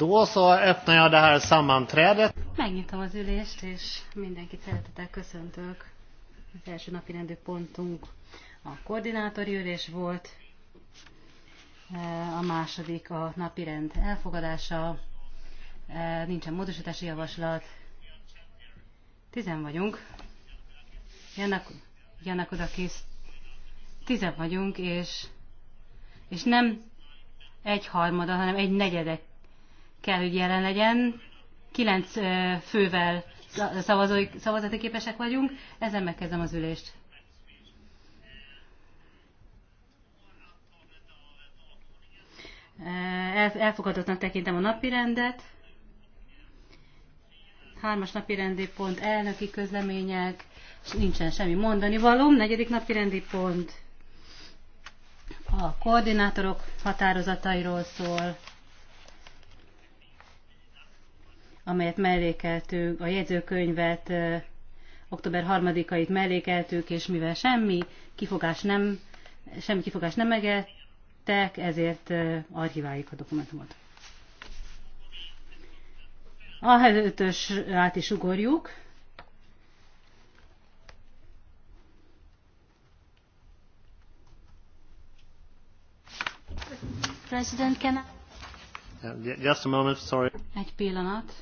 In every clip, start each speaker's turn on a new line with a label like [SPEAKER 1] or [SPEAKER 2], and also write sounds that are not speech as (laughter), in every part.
[SPEAKER 1] Då så öppnar jag det här sammanträdet.
[SPEAKER 2] Megnyitom az ülést, és mindenkit szeretettel köszöntök. Az első napi rendű pontunk a koordinátori ülés volt, e, a második a napi rend elfogadása, e, nincsen módosítási javaslat, tizen vagyunk, jönnek, jönnek oda kész, tizen vagyunk, és, és nem egy harmada, hanem egy negyedek kell, hogy jelen legyen. Kilenc fővel szavazói, szavazati képesek vagyunk. Ezen megkezdem az ülést. Elfogadottnak tekintem a napirendet. Hármas napirendi pont, elnöki közlemények, nincsen semmi mondani való. Negyedik napirendi pont a koordinátorok határozatairól szól. amelyet mellékeltünk, a jegyzőkönyvet október 3-ait mellékeltük, és mivel semmi kifogás nem, semmi kifogás nem megettek, ezért archiváljuk a dokumentumot. A ötös át is ugorjuk. President, can I...
[SPEAKER 1] Uh, just a moment, sorry.
[SPEAKER 2] Egy pillanat.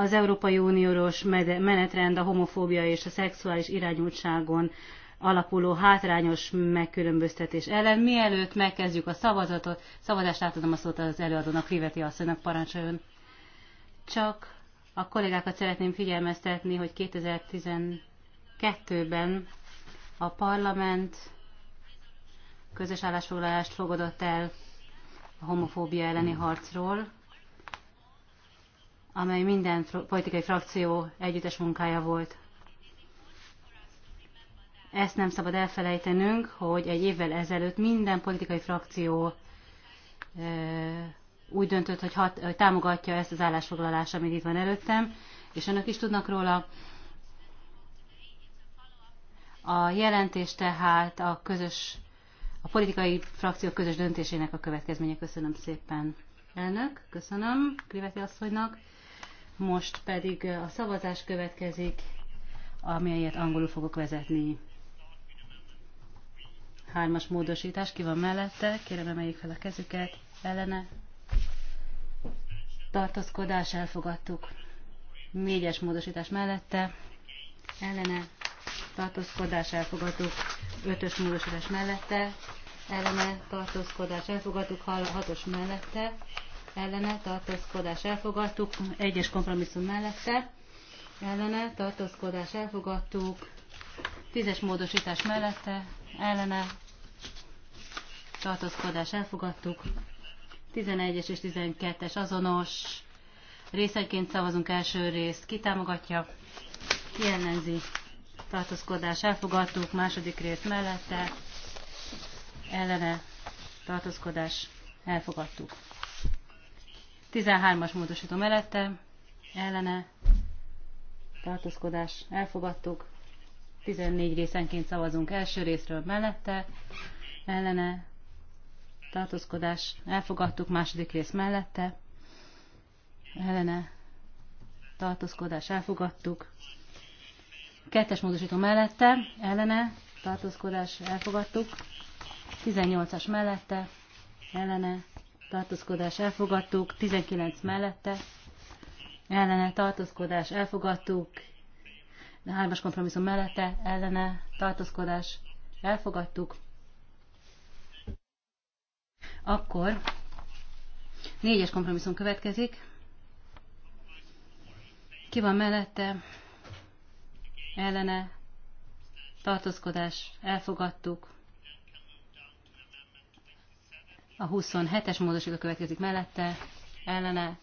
[SPEAKER 2] az Európai Uniós menetrend a homofóbia és a szexuális irányultságon alapuló hátrányos megkülönböztetés ellen. Mielőtt megkezdjük a szavazatot, szavazást átadom a szót az előadónak, Riveti asszonynak parancsoljon. Csak a kollégákat szeretném figyelmeztetni, hogy 2012-ben a parlament közös állásfoglalást fogadott el a homofóbia elleni harcról, amely minden politikai frakció együttes munkája volt. Ezt nem szabad elfelejtenünk, hogy egy évvel ezelőtt minden politikai frakció úgy döntött, hogy, hat, hogy támogatja ezt az állásfoglalást, amit itt van előttem, és önök is tudnak róla. A jelentés tehát a közös, a politikai frakciók közös döntésének a következménye. Köszönöm szépen, elnök, köszönöm Kriveti asszonynak. Most pedig a szavazás következik, amelyet angolul fogok vezetni. Hármas módosítás, ki van mellette? Kérem, emeljék fel a kezüket. Ellene. Tartózkodás, elfogadtuk. Négyes módosítás mellette. Ellene. Tartózkodás, elfogadtuk. Ötös módosítás mellette. Ellene. Tartózkodás, elfogadtuk. Hatos mellette ellene tartózkodás elfogadtuk, egyes kompromisszum mellette ellene tartózkodás elfogadtuk, tízes módosítás mellette ellene tartózkodás elfogadtuk, 11-es és 12-es azonos részenként szavazunk első részt, ki ellenzi, tartózkodás elfogadtuk, második rész mellette, ellene tartózkodás elfogadtuk. 13-as módosító mellette, ellene, tartózkodás, elfogadtuk. 14 részenként szavazunk első részről mellette, ellene, tartózkodás, elfogadtuk második rész mellette, ellene, tartózkodás, elfogadtuk. Kettes módosító mellette, ellene, tartózkodás, elfogadtuk. 18-as mellette, ellene, tartózkodás elfogadtuk, 19 mellette ellene tartózkodás elfogadtuk, a hármas kompromisszum mellette ellene tartózkodás elfogadtuk. Akkor négyes kompromisszum következik. Ki van mellette? Ellene tartózkodás elfogadtuk. A 27-es módosító következik mellette, ellene,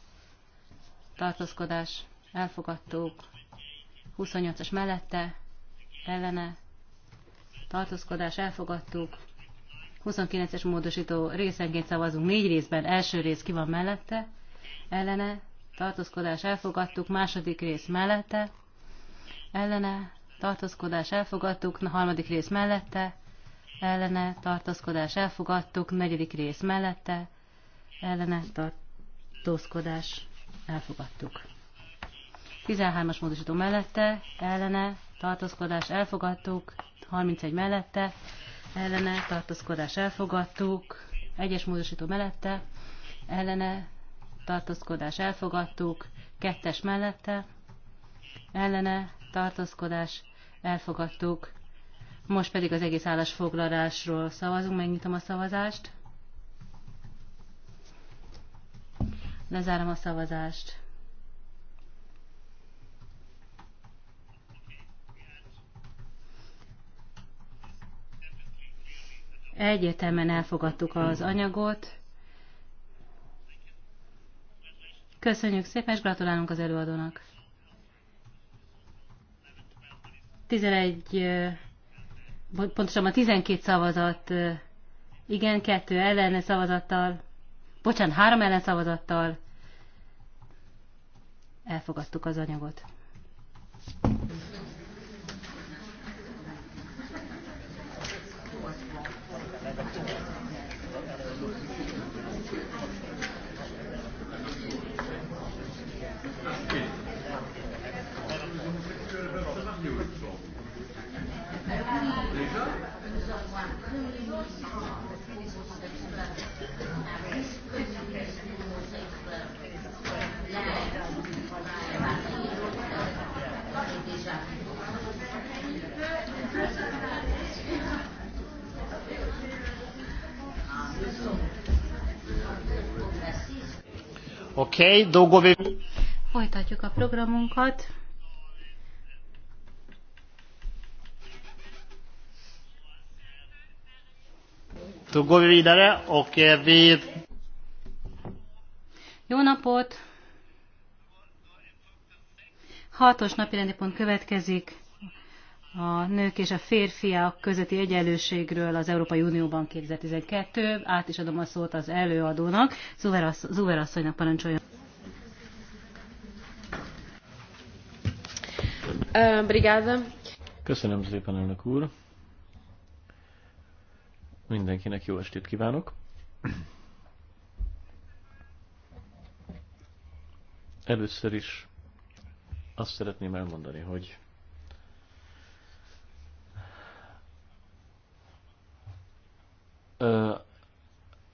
[SPEAKER 2] tartózkodás, elfogadtuk. 28-as mellette, ellene, tartózkodás, elfogadtuk. 29-es módosító részenként szavazunk, négy részben, első rész ki van mellette, ellene, tartózkodás, elfogadtuk, második rész mellette, ellene, tartózkodás, elfogadtuk, a harmadik rész mellette, ellene tartózkodás elfogadtuk, negyedik rész mellette ellene tartózkodás elfogadtuk. 13-as módosító mellette ellene tartózkodás elfogadtuk, 31 mellette ellene tartózkodás elfogadtuk, egyes módosító mellette ellene tartózkodás elfogadtuk, kettes mellette ellene tartózkodás elfogadtuk, most pedig az egész állásfoglalásról szavazunk, megnyitom a szavazást. Lezárom a szavazást. Egyértelműen elfogadtuk az anyagot. Köszönjük szépen, és gratulálunk az előadónak. 11 pontosabban 12 szavazat igen, kettő ellen szavazattal, bocsánat, három ellen szavazattal elfogadtuk az anyagot. Oké, okay, dolgovi... Folytatjuk a programunkat.
[SPEAKER 1] Då videre, oké, vidare och
[SPEAKER 2] Jó napot! Hatos napi rendi pont következik a nők és a férfiak közötti egyenlőségről az Európai Unióban 2012. Át is adom a szót az előadónak. Zuver asszonynak parancsoljon. Brigáda.
[SPEAKER 1] Köszönöm szépen, elnök úr. Mindenkinek jó estét kívánok. Először is azt szeretném elmondani, hogy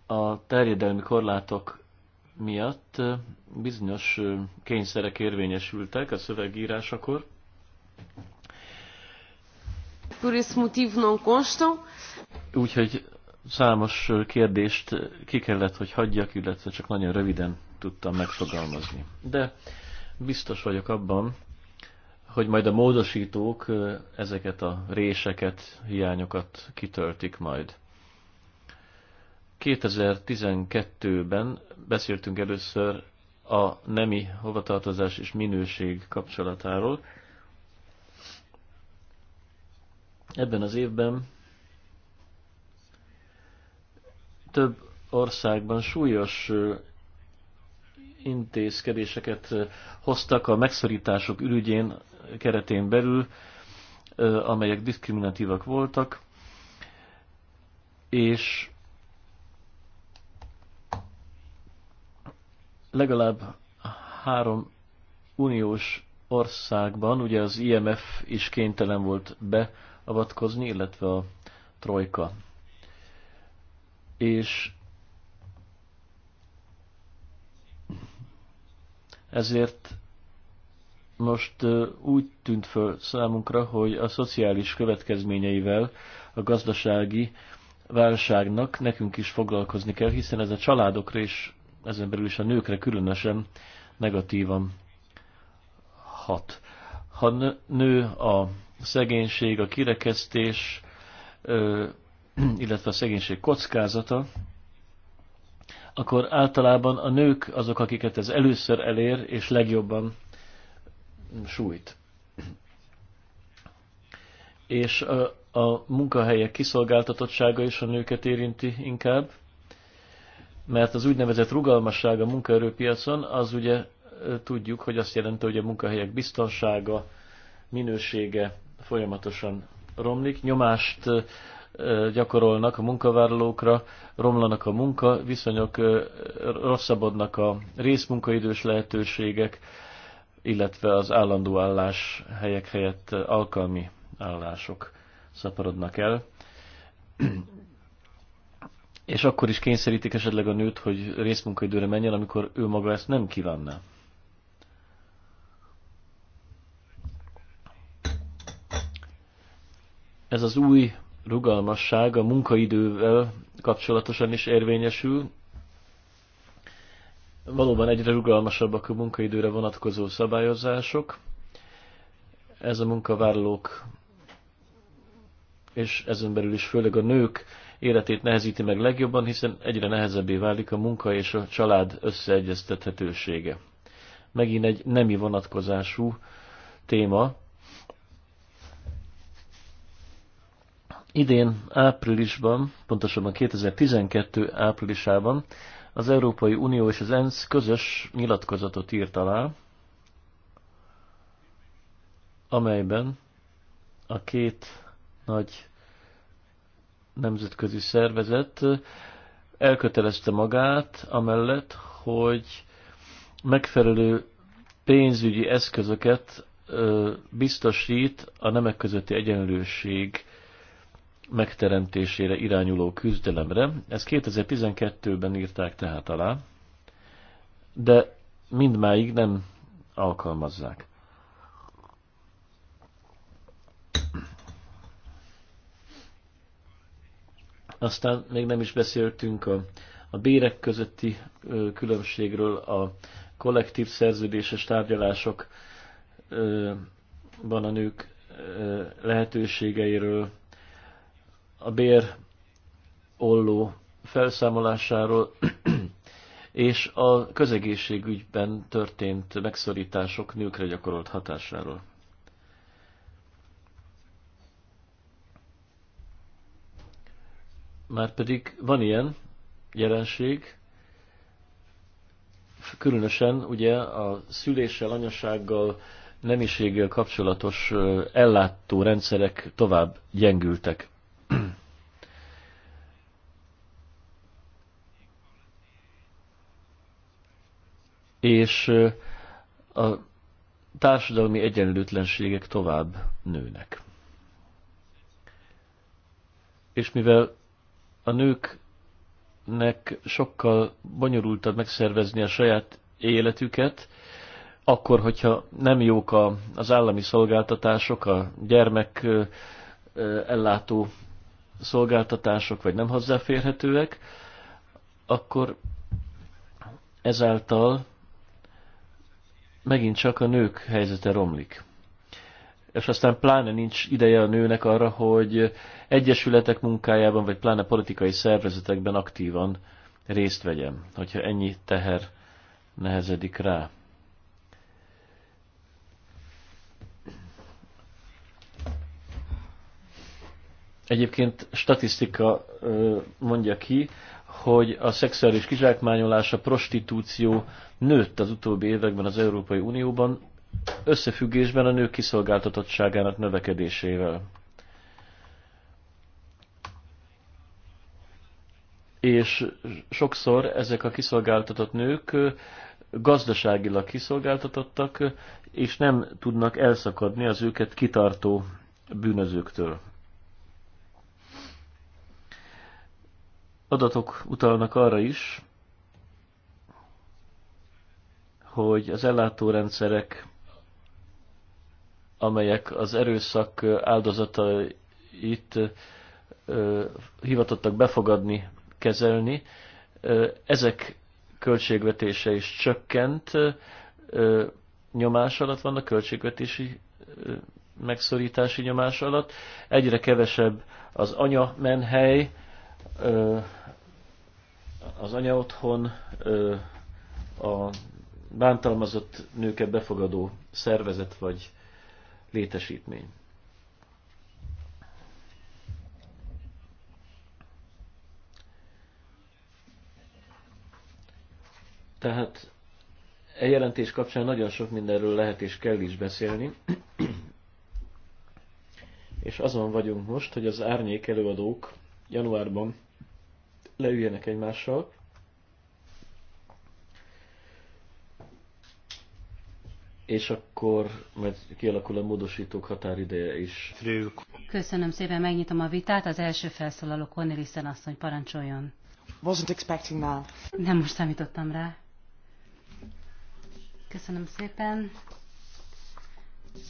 [SPEAKER 1] a terjedelmi korlátok miatt bizonyos kényszerek érvényesültek a szövegírásakor.
[SPEAKER 2] Por esse motivo não constam.
[SPEAKER 1] Úgyhogy számos kérdést ki kellett, hogy hagyjak, illetve csak nagyon röviden tudtam megfogalmazni. De biztos vagyok abban, hogy majd a módosítók ezeket a réseket, hiányokat kitöltik majd. 2012-ben beszéltünk először a nemi hovatartozás és minőség kapcsolatáról. Ebben az évben több országban súlyos intézkedéseket hoztak a megszorítások ürügyén keretén belül, amelyek diszkriminatívak voltak, és legalább három uniós országban, ugye az IMF is kénytelen volt beavatkozni, illetve a trojka. És ezért most úgy tűnt föl számunkra, hogy a szociális következményeivel a gazdasági válságnak nekünk is foglalkozni kell, hiszen ez a családokra is ezen belül is a nőkre különösen negatívan hat. Ha nő a szegénység, a kirekesztés, (clears throat) illetve a szegénység kockázata, akkor általában a nők azok, akiket ez először elér, és legjobban sújt. És a, a munkahelyek kiszolgáltatottsága is a nőket érinti inkább, mert az úgynevezett rugalmasság a munkaerőpiacon az ugye tudjuk, hogy azt jelenti, hogy a munkahelyek biztonsága, minősége folyamatosan romlik, nyomást gyakorolnak a munkavállalókra, romlanak a munkaviszonyok, rosszabbodnak a részmunkaidős lehetőségek, illetve az állandó állás helyek helyett alkalmi állások szaporodnak el és akkor is kényszerítik esetleg a nőt, hogy részmunkaidőre menjen, amikor ő maga ezt nem kívánná. Ez az új rugalmasság a munkaidővel kapcsolatosan is érvényesül. Valóban egyre rugalmasabbak a munkaidőre vonatkozó szabályozások. Ez a munkavállalók és ezen belül is főleg a nők életét nehezíti meg legjobban, hiszen egyre nehezebbé válik a munka és a család összeegyeztethetősége. Megint egy nemi vonatkozású téma. Idén áprilisban, pontosabban 2012 áprilisában az Európai Unió és az ENSZ közös nyilatkozatot írt alá, amelyben a két nagy nemzetközi szervezet elkötelezte magát amellett, hogy megfelelő pénzügyi eszközöket biztosít a nemek közötti egyenlőség megteremtésére irányuló küzdelemre. Ezt 2012-ben írták tehát alá, de mindmáig nem alkalmazzák. Aztán még nem is beszéltünk a, a bérek közötti ö, különbségről, a kollektív szerződéses tárgyalásokban a nők ö, lehetőségeiről, a bér olló felszámolásáról, (clears throat) és a közegészségügyben történt megszorítások nőkre gyakorolt hatásáról. Márpedig van ilyen jelenség, különösen ugye a szüléssel, anyasággal, nemiséggel kapcsolatos ellátó rendszerek tovább gyengültek. És a társadalmi egyenlőtlenségek tovább nőnek. És mivel a nőknek sokkal bonyolultabb megszervezni a saját életüket, akkor, hogyha nem jók a, az állami szolgáltatások, a gyermek ellátó szolgáltatások, vagy nem hozzáférhetőek, akkor ezáltal megint csak a nők helyzete romlik. És aztán pláne nincs ideje a nőnek arra, hogy egyesületek munkájában, vagy pláne politikai szervezetekben aktívan részt vegyem, hogyha ennyi teher nehezedik rá. Egyébként statisztika mondja ki, hogy a szexuális kizsákmányolás, a prostitúció nőtt az utóbbi években az Európai Unióban, összefüggésben a nők kiszolgáltatottságának növekedésével. és sokszor ezek a kiszolgáltatott nők gazdaságilag kiszolgáltatottak, és nem tudnak elszakadni az őket kitartó bűnözőktől. Adatok utalnak arra is, hogy az ellátórendszerek, amelyek az erőszak áldozatait hivatottak befogadni kezelni. Ezek költségvetése is csökkent, nyomás alatt vannak, költségvetési megszorítási nyomás alatt. Egyre kevesebb az anya menhely, az anya otthon, a bántalmazott nőket befogadó szervezet vagy létesítmény. Tehát e jelentés kapcsán nagyon sok mindenről lehet és kell is beszélni. és azon vagyunk most, hogy az árnyék előadók januárban leüljenek egymással, és akkor majd kialakul a módosítók határideje is.
[SPEAKER 2] Köszönöm szépen, megnyitom a vitát. Az első felszólaló Cornelissen asszony parancsoljon. Wasn't expecting that. Nem most számítottam rá. Köszönöm szépen.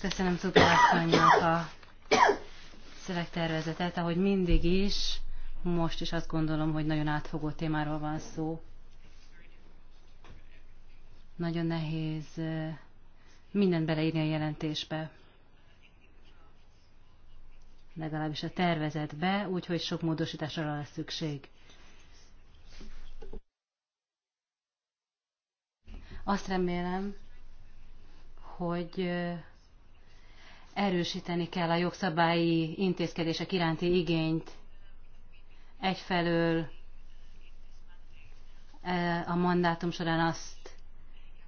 [SPEAKER 2] Köszönöm Cukrászonynak a szövegtervezetet, ahogy mindig is, most is azt gondolom, hogy nagyon átfogó témáról van szó. Nagyon nehéz mindent beleírni a jelentésbe. Legalábbis a tervezetbe, úgyhogy sok módosításra lesz szükség. Azt remélem, hogy erősíteni kell a jogszabályi intézkedések iránti igényt egyfelől a mandátum során azt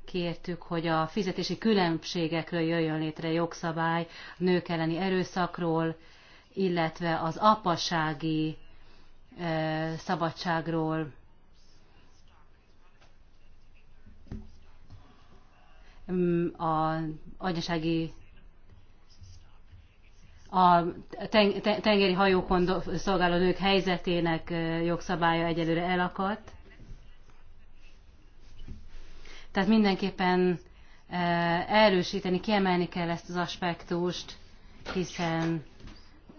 [SPEAKER 2] kértük, hogy a fizetési különbségekről jöjjön létre jogszabály, a nők elleni erőszakról, illetve az apasági szabadságról, a anyasági a tengeri hajókon szolgáló nők helyzetének jogszabálya egyelőre elakadt. Tehát mindenképpen erősíteni, kiemelni kell ezt az aspektust, hiszen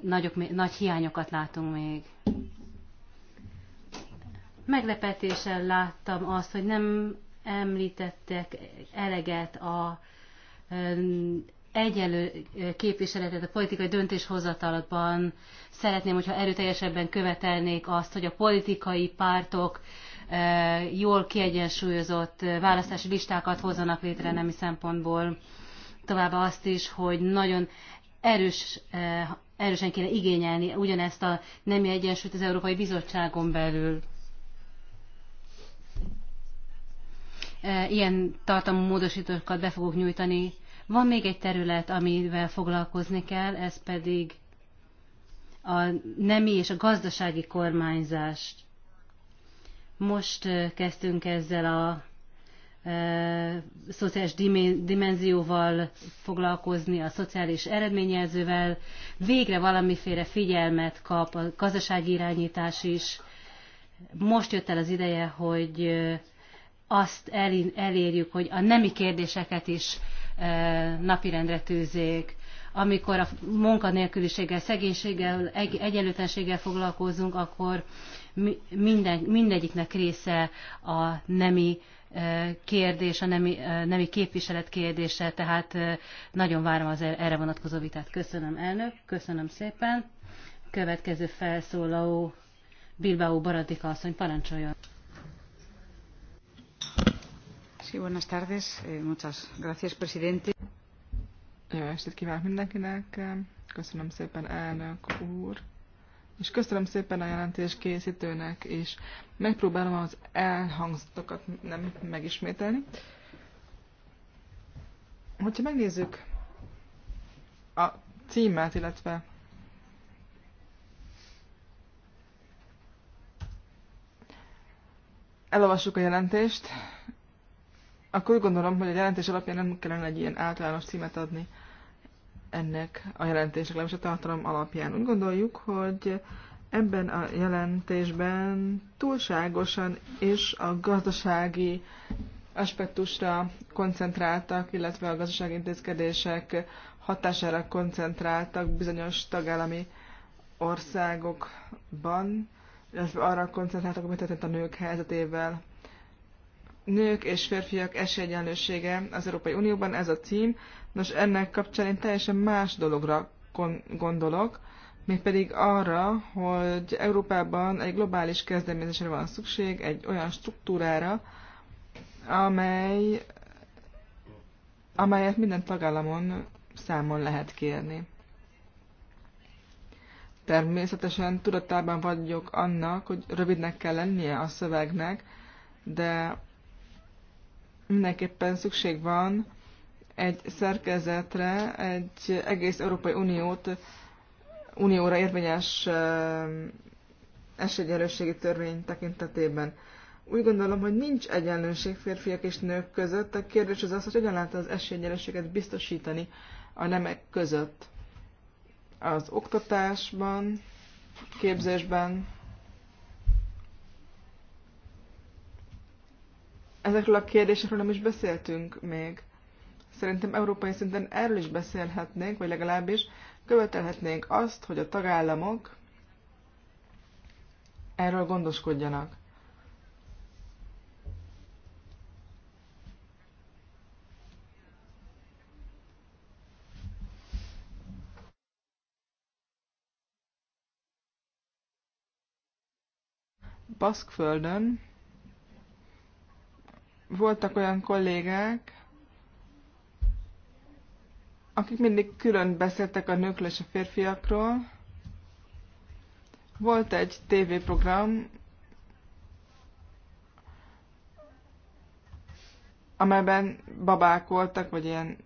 [SPEAKER 2] nagyok, nagy hiányokat látunk még. Meglepetéssel láttam azt, hogy nem említettek eleget a egyenlő képviseletet a politikai döntéshozatalatban. Szeretném, hogyha erőteljesebben követelnék azt, hogy a politikai pártok jól kiegyensúlyozott választási listákat hozzanak létre nemi szempontból. Továbbá azt is, hogy nagyon erős, erősen kéne igényelni ugyanezt a nemi egyensúlyt az Európai Bizottságon belül. E, ilyen tartalmú módosítókat be fogok nyújtani. Van még egy terület, amivel foglalkozni kell, ez pedig a nemi és a gazdasági kormányzást. Most e, kezdtünk ezzel a e, szociális dimenzióval foglalkozni, a szociális eredményjelzővel. Végre valamiféle figyelmet kap a gazdasági irányítás is. Most jött el az ideje, hogy e, azt elérjük, hogy a nemi kérdéseket is napirendre tűzzék. Amikor a munkanélküliséggel, szegénységgel, egyenlőtlenséggel foglalkozunk, akkor minden, mindegyiknek része a nemi kérdés, a nemi, nemi képviselet kérdése, tehát nagyon várom az er-, erre vonatkozó vitát. Köszönöm, elnök, köszönöm szépen. Következő felszólaló Bilbao Baradika asszony, parancsoljon. Sí, buenas tardes. Eh, muchas gracias, presidente. Jó estét
[SPEAKER 3] kívánok mindenkinek. Köszönöm szépen, elnök úr. És köszönöm szépen a jelentés készítőnek, és megpróbálom az elhangzottakat nem megismételni. Hogyha megnézzük a címet, illetve elolvassuk a jelentést, akkor úgy gondolom, hogy a jelentés alapján nem kellene egy ilyen általános címet adni ennek a jelentésnek, legalábbis a tartalom alapján. Úgy gondoljuk, hogy ebben a jelentésben túlságosan és a gazdasági aspektusra koncentráltak, illetve a gazdasági intézkedések hatására koncentráltak bizonyos tagállami országokban, illetve arra koncentráltak, amit történt a nők helyzetével nők és férfiak esélyegyenlősége az Európai Unióban, ez a cím. Nos, ennek kapcsán én teljesen más dologra gondolok, mégpedig arra, hogy Európában egy globális kezdeményezésre van szükség, egy olyan struktúrára, amely, amelyet minden tagállamon számon lehet kérni. Természetesen tudatában vagyok annak, hogy rövidnek kell lennie a szövegnek, de mindenképpen szükség van egy szerkezetre, egy egész Európai Uniót, Unióra érvényes ehm, esélyegyenlőségi törvény tekintetében. Úgy gondolom, hogy nincs egyenlőség férfiak és nők között. A kérdés az az, hogy hogyan lehet az esélyegyenlőséget biztosítani a nemek között. Az oktatásban, képzésben, ezekről a kérdésekről nem is beszéltünk még. Szerintem európai szinten erről is beszélhetnénk, vagy legalábbis követelhetnénk azt, hogy a tagállamok erről gondoskodjanak. Baszkföldön voltak olyan kollégák, akik mindig külön beszéltek a nőkről és a férfiakról. Volt egy tévéprogram, amelyben babák voltak, vagy ilyen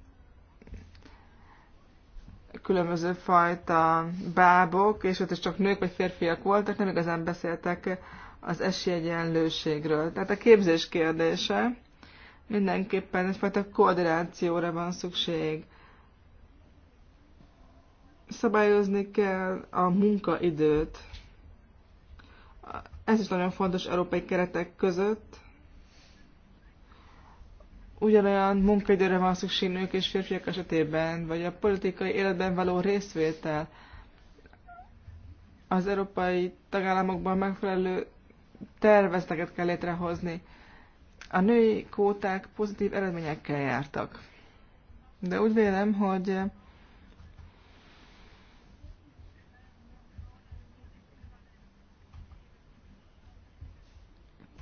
[SPEAKER 3] különböző fajta bábok, és ott is csak nők vagy férfiak voltak, nem igazán beszéltek az esélyegyenlőségről. Tehát a képzés kérdése mindenképpen egyfajta koordinációra van szükség. Szabályozni kell a munkaidőt. Ez is nagyon fontos európai keretek között. Ugyanolyan munkaidőre van szükség nők és férfiak esetében, vagy a politikai életben való részvétel. Az európai tagállamokban megfelelő tervezteket kell létrehozni. A női kóták pozitív eredményekkel jártak. De úgy vélem, hogy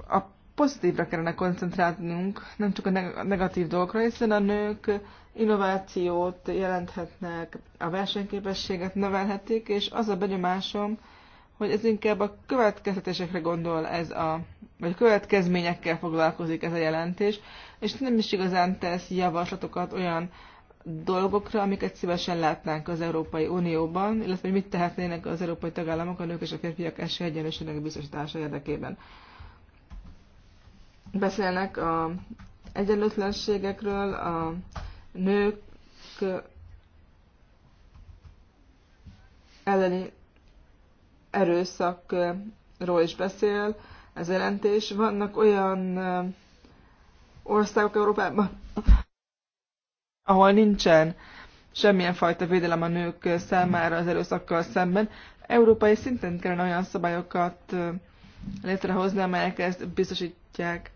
[SPEAKER 3] a pozitívra kellene koncentrálnunk, nem csak a negatív dolgokra, hiszen a nők innovációt jelenthetnek, a versenyképességet növelhetik, és az a benyomásom, hogy ez inkább a következtetésekre gondol ez a, vagy a következményekkel foglalkozik ez a jelentés, és nem is igazán tesz javaslatokat olyan dolgokra, amiket szívesen látnánk az Európai Unióban, illetve hogy mit tehetnének az európai tagállamok a nők és a férfiak esélyegyenlőségnek biztosítása érdekében. Beszélnek a egyenlőtlenségekről, a nők elleni erőszakról is beszél ez jelentés. Vannak olyan országok Európában, ahol nincsen semmilyen fajta védelem a nők számára az erőszakkal szemben. Európai szinten kellene olyan szabályokat létrehozni, amelyek ezt biztosítják.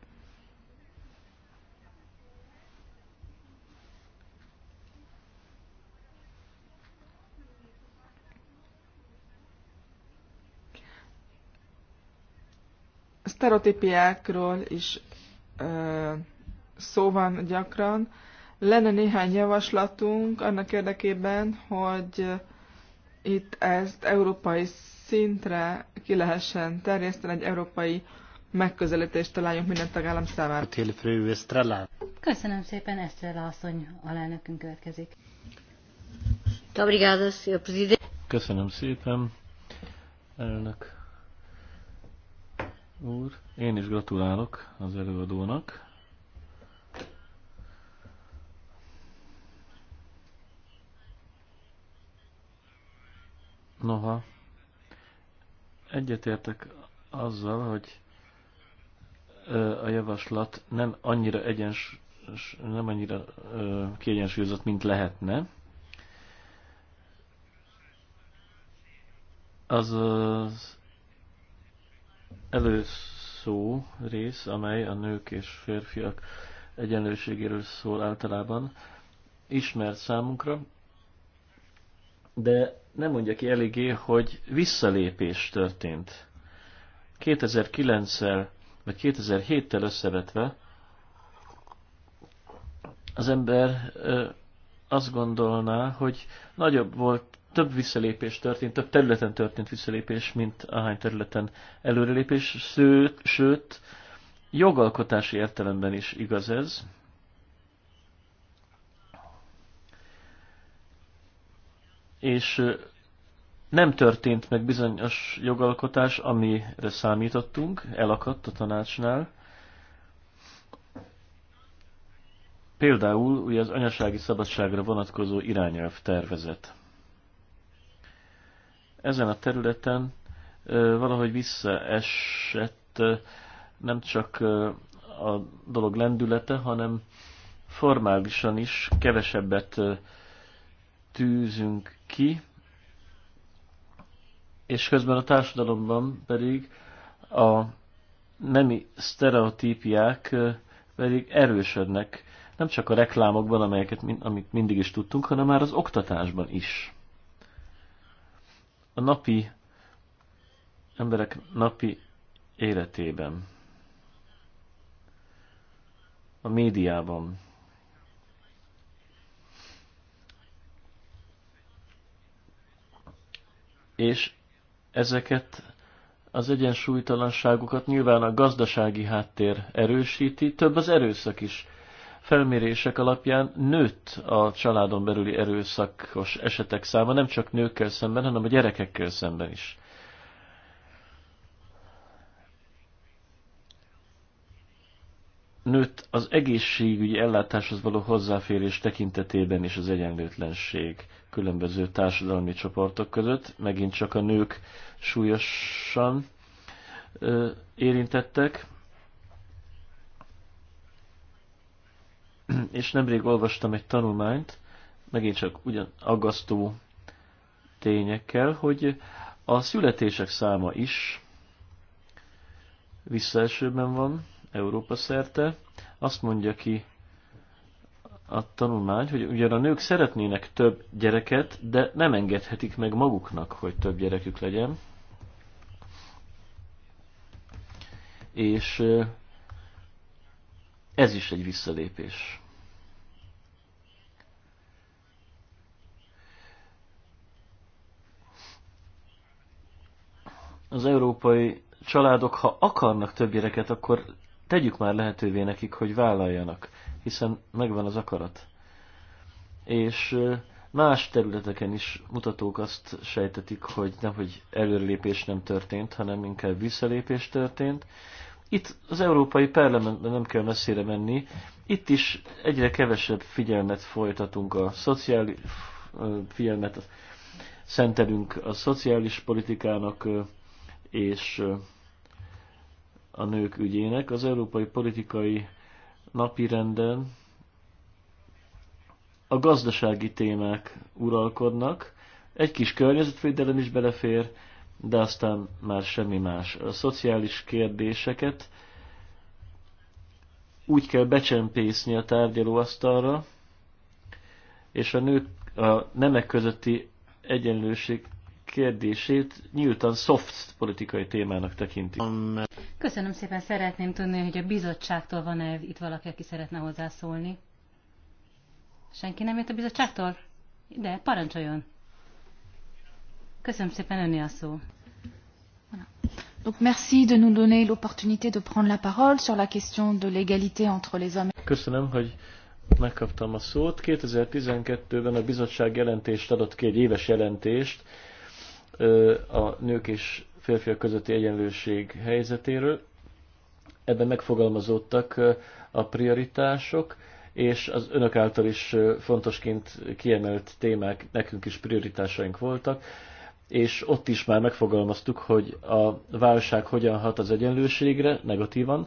[SPEAKER 3] sztereotípiákról is ö, szó van gyakran. Lenne néhány javaslatunk annak érdekében, hogy itt ezt európai szintre ki lehessen terjeszteni, egy európai megközelítést találjunk minden tagállam számára.
[SPEAKER 2] Köszönöm szépen, Estrella asszony, alelnökünk következik.
[SPEAKER 1] Köszönöm szépen, elnök úr. Én is gratulálok az előadónak. Noha, egyetértek azzal, hogy a javaslat nem annyira egyens, nem annyira kiegyensúlyozott, mint lehetne. Az, az előszó rész, amely a nők és férfiak egyenlőségéről szól általában, ismert számunkra, de nem mondja ki eléggé, hogy visszalépés történt. 2009 szel vagy 2007-tel összevetve az ember azt gondolná, hogy nagyobb volt több visszalépés történt, több területen történt visszalépés, mint ahány területen előrelépés, sőt, sőt jogalkotási értelemben is igaz ez. És nem történt meg bizonyos jogalkotás, amire számítottunk, elakadt a tanácsnál. Például ugye az anyasági szabadságra vonatkozó irányelv tervezet ezen a területen valahogy visszaesett nem csak a dolog lendülete, hanem formálisan is kevesebbet tűzünk ki, és közben a társadalomban pedig a nemi sztereotípiák pedig erősödnek, nem csak a reklámokban, amelyeket, amit mindig is tudtunk, hanem már az oktatásban is a napi emberek napi életében, a médiában. És ezeket az egyensúlytalanságokat nyilván a gazdasági háttér erősíti, több az erőszak is felmérések alapján nőtt a családon belüli erőszakos esetek száma, nem csak nőkkel szemben, hanem a gyerekekkel szemben is. Nőtt az egészségügyi ellátáshoz való hozzáférés tekintetében is az egyenlőtlenség különböző társadalmi csoportok között, megint csak a nők súlyosan érintettek (clears throat) és nemrég olvastam egy tanulmányt, megint csak ugyan aggasztó tényekkel, hogy a születések száma is visszaesőben van Európa szerte. Azt mondja ki a tanulmány, hogy ugyan a nők szeretnének több gyereket, de nem engedhetik meg maguknak, hogy több gyerekük legyen. És ez is egy visszalépés. Az európai családok, ha akarnak több gyereket, akkor tegyük már lehetővé nekik, hogy vállaljanak, hiszen megvan az akarat. És más területeken is mutatók azt sejtetik, hogy nem, hogy előrelépés nem történt, hanem inkább visszalépés történt. Itt az Európai Parlamentben nem kell messzire menni, itt is egyre kevesebb figyelmet folytatunk a szociális figyelmet, szentelünk a szociális politikának és a nők ügyének. Az európai politikai napirenden a gazdasági témák uralkodnak, egy kis környezetvédelem is belefér, de aztán már semmi más. A szociális kérdéseket úgy kell becsempészni a tárgyalóasztalra, és a nők a nemek közötti egyenlőség kérdését nyíltan soft politikai témának tekintik.
[SPEAKER 2] Köszönöm szépen, szeretném tudni, hogy a bizottságtól van-e itt valaki, aki szeretne hozzászólni. Senki nem jött a bizottságtól? De parancsoljon! Köszönöm szépen, önni a szó. Donc merci de nous donner l'opportunité de prendre la parole sur la question de l'égalité entre les hommes.
[SPEAKER 1] Köszönöm, hogy megkaptam a szót. 2012-ben a bizottság jelentést adott ki, egy éves jelentést a nők és férfiak közötti egyenlőség helyzetéről. Ebben megfogalmazódtak a prioritások, és az önök által is fontosként kiemelt témák nekünk is prioritásaink voltak és ott is már megfogalmaztuk, hogy a válság hogyan hat az egyenlőségre, negatívan.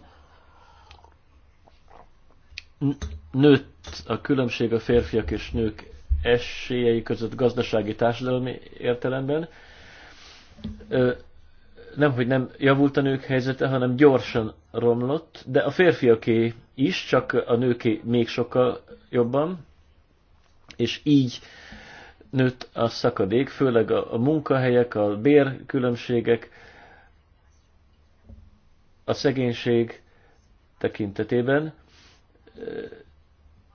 [SPEAKER 1] Nőtt a különbség a férfiak és nők esélyei között gazdasági társadalmi értelemben. Nem, hogy nem javult a nők helyzete, hanem gyorsan romlott, de a férfiaké is, csak a nőké még sokkal jobban, és így nőtt a szakadék, főleg a, a munkahelyek, a bérkülönbségek, a szegénység tekintetében.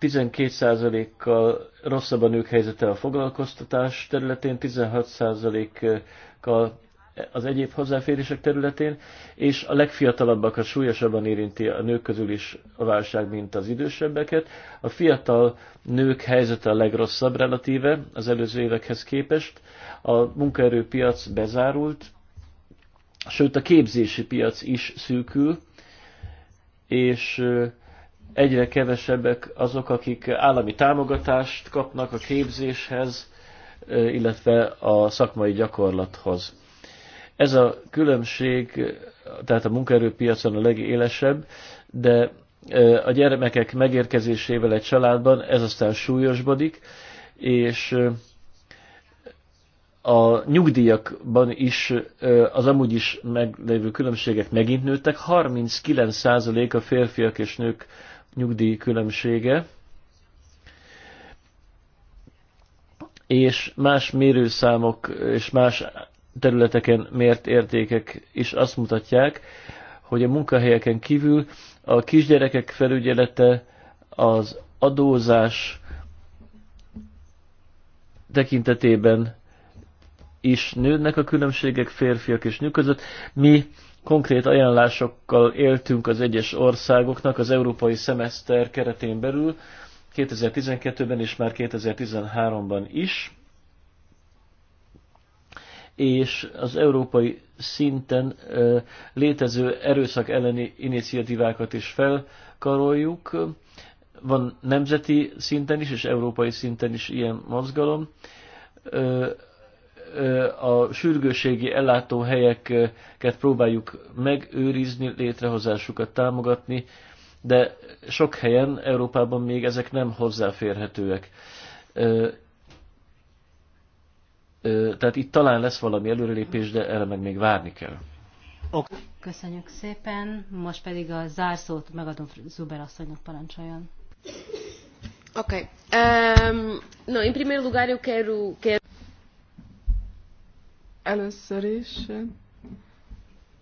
[SPEAKER 1] 12%-kal rosszabb a nők helyzete a foglalkoztatás területén, 16%-kal az egyéb hozzáférések területén, és a legfiatalabbakat súlyosabban érinti a nők közül is a válság, mint az idősebbeket. A fiatal nők helyzete a legrosszabb relatíve az előző évekhez képest. A munkaerőpiac bezárult, sőt a képzési piac is szűkül, és egyre kevesebbek azok, akik állami támogatást kapnak a képzéshez, illetve a szakmai gyakorlathoz ez a különbség, tehát a munkaerőpiacon a legélesebb, de a gyermekek megérkezésével egy családban ez aztán súlyosbodik, és a nyugdíjakban is az amúgy is meglévő különbségek megint nőttek. 39% a férfiak és nők nyugdíj különbsége. És más mérőszámok és más területeken mért értékek is azt mutatják, hogy a munkahelyeken kívül a kisgyerekek felügyelete, az adózás tekintetében is nőnek a különbségek férfiak és nők között. Mi konkrét ajánlásokkal éltünk az egyes országoknak az európai szemeszter keretén belül, 2012-ben és már 2013-ban is és az európai szinten létező erőszak elleni iniciatívákat is felkaroljuk. Van nemzeti szinten is, és európai szinten is ilyen mozgalom. A sürgőségi ellátóhelyeket próbáljuk megőrizni, létrehozásukat támogatni, de sok helyen Európában még ezek nem hozzáférhetőek tehát itt talán lesz valami előrelépés, de erre meg még várni kell.
[SPEAKER 2] Köszönjük szépen. Most pedig a zárszót megadom Zuber asszonynak parancsoljon. Oké. Um, ehm, no, in primer lugar eu quero, quero...
[SPEAKER 3] Először is eh,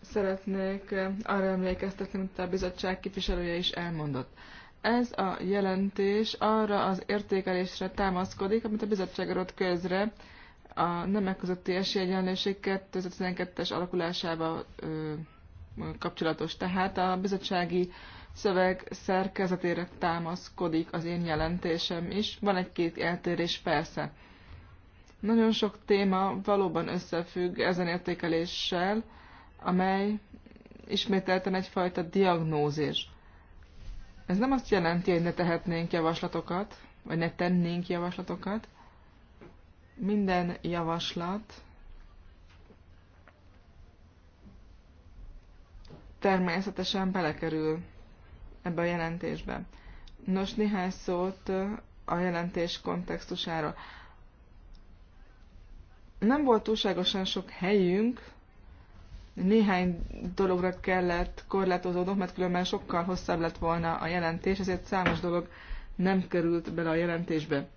[SPEAKER 3] szeretnék eh, arra emlékeztetni, amit a bizottság képviselője is elmondott. Ez a jelentés arra az értékelésre támaszkodik, amit a bizottság adott közre a nemek közötti esélyegyenlőség 2012-es alakulásával ö, kapcsolatos. Tehát a bizottsági szöveg szerkezetére támaszkodik az én jelentésem is. Van egy-két eltérés persze. Nagyon sok téma valóban összefügg ezen értékeléssel, amely ismételten egyfajta diagnózis. Ez nem azt jelenti, hogy ne tehetnénk javaslatokat, vagy ne tennénk javaslatokat, minden javaslat természetesen belekerül ebbe a jelentésbe. Nos, néhány szót a jelentés kontextusára. Nem volt túlságosan sok helyünk, néhány dologra kellett korlátozódnunk, mert különben sokkal hosszabb lett volna a jelentés, ezért számos dolog nem került bele a jelentésbe.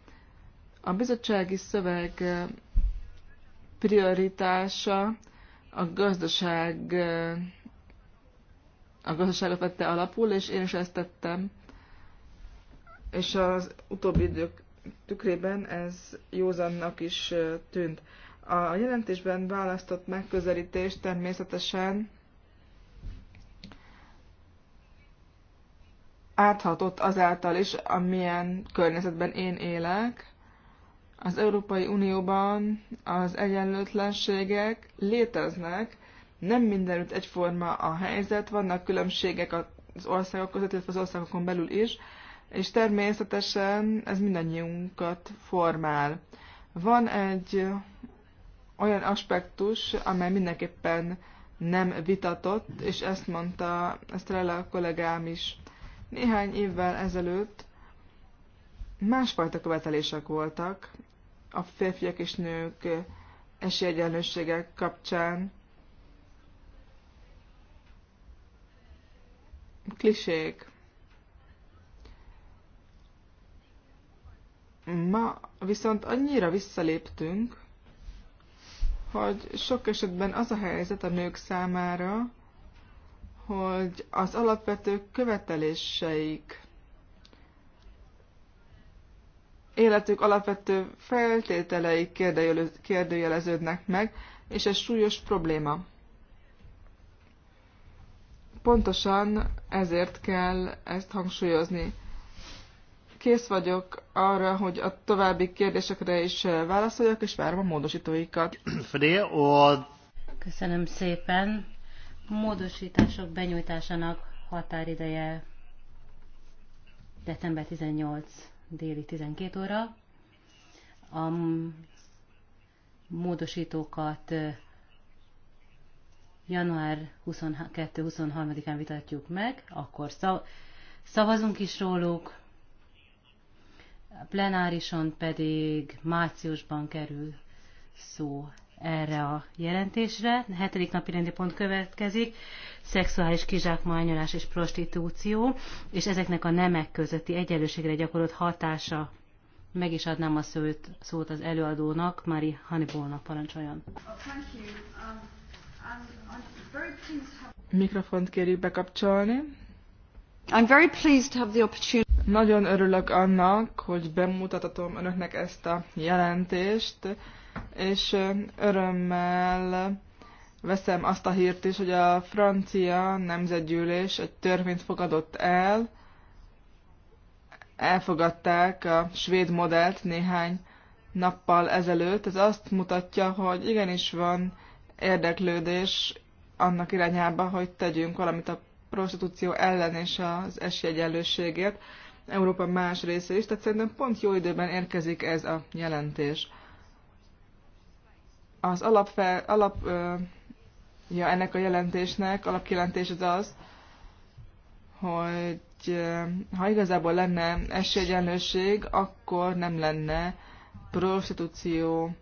[SPEAKER 3] A bizottsági szöveg eh, prioritása a gazdaság eh, a gazdaságot vette alapul, és én is ezt tettem. És az utóbbi idők tükrében ez józannak is eh, tűnt. A jelentésben választott megközelítés természetesen áthatott azáltal is, amilyen környezetben én élek, az Európai Unióban az egyenlőtlenségek léteznek, nem mindenütt egyforma a helyzet, vannak különbségek az országok között, illetve az országokon belül is, és természetesen ez mindannyiunkat formál. Van egy olyan aspektus, amely mindenképpen nem vitatott, és ezt mondta Estrella a kollégám is. Néhány évvel ezelőtt másfajta követelések voltak a férfiak és nők esélyegyenlőségek kapcsán klisék. Ma viszont annyira visszaléptünk, hogy sok esetben az a helyzet a nők számára, hogy az alapvető követeléseik életük alapvető feltételei kérdőjeleződnek meg, és ez súlyos probléma. Pontosan ezért kell ezt hangsúlyozni. Kész vagyok arra, hogy a további kérdésekre is válaszoljak, és
[SPEAKER 2] várom a módosítóikat. Köszönöm szépen. Módosítások benyújtásának határideje december 18 déli 12 óra. A módosítókat január 22-23-án vitatjuk meg, akkor szavazunk is róluk, plenárison pedig márciusban kerül szó erre a jelentésre. A hetedik napi rendi pont következik, szexuális kizsákmányolás és prostitúció, és ezeknek a nemek közötti egyenlőségre gyakorolt hatása. Meg is adnám a szőt, szót az előadónak, Mari Hannibalna parancsoljon.
[SPEAKER 3] Mikrofont kérjük bekapcsolni. I'm very pleased to have the opportunity. Nagyon örülök annak, hogy bemutathatom önöknek ezt a jelentést és örömmel veszem azt a hírt is, hogy a francia nemzetgyűlés egy törvényt fogadott el, elfogadták a svéd modellt néhány nappal ezelőtt. Ez azt mutatja, hogy igenis van érdeklődés annak irányába, hogy tegyünk valamit a prostitúció ellen és az esélyegyenlőségért. Európa más része is, tehát szerintem pont jó időben érkezik ez a jelentés. Az alapfel, alap, ja, ennek a jelentésnek, alapkijelentés az az, hogy ha igazából lenne esélyegyenlőség, akkor nem lenne prostitúció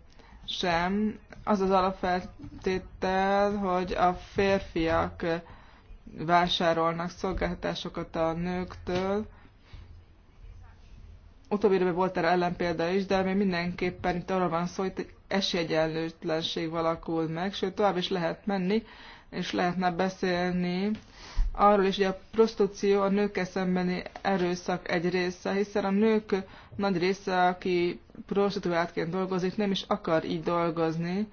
[SPEAKER 3] sem. Az az alapfeltétel, hogy a férfiak vásárolnak szolgáltatásokat a nőktől. Utóbbi időben volt erre ellenpélda is, de még mindenképpen itt arra van szó, hogy esélyegyenlőtlenség valakul meg, sőt tovább is lehet menni, és lehetne beszélni arról is, hogy a prostitúció a nők szembeni erőszak egy része, hiszen a nők nagy része, aki prostituáltként dolgozik, nem is akar így dolgozni.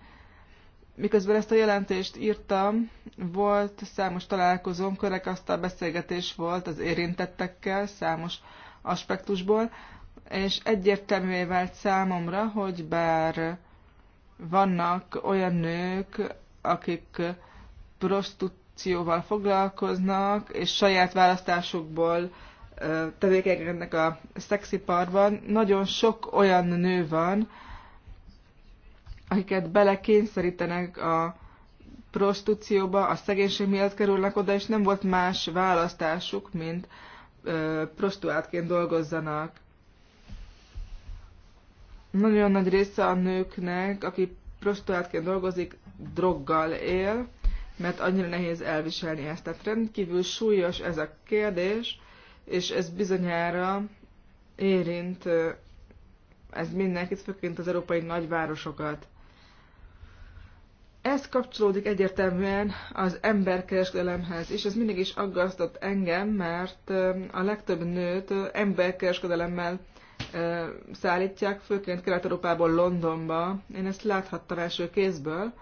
[SPEAKER 3] Miközben ezt a jelentést írtam, volt számos találkozóm, kerekasztal beszélgetés volt az érintettekkel számos aspektusból, és egyértelművé vált számomra, hogy bár vannak olyan nők, akik prostitúcióval foglalkoznak, és saját választásukból tevékenykednek a szexiparban. Nagyon sok olyan nő van, akiket belekényszerítenek a prostitúcióba, a szegénység miatt kerülnek oda, és nem volt más választásuk, mint prostituáltként dolgozzanak. Nagyon nagy része a nőknek, aki prostituáltként dolgozik, droggal él, mert annyira nehéz elviselni ezt. Tehát rendkívül súlyos ez a kérdés, és ez bizonyára érint ez mindenkit, főként az európai nagyvárosokat. Ez kapcsolódik egyértelműen az emberkereskedelemhez, és ez mindig is aggasztott engem, mert a legtöbb nőt emberkereskedelemmel szállítják, főként Kelet-Európából Londonba. Én ezt láthattam első kézből.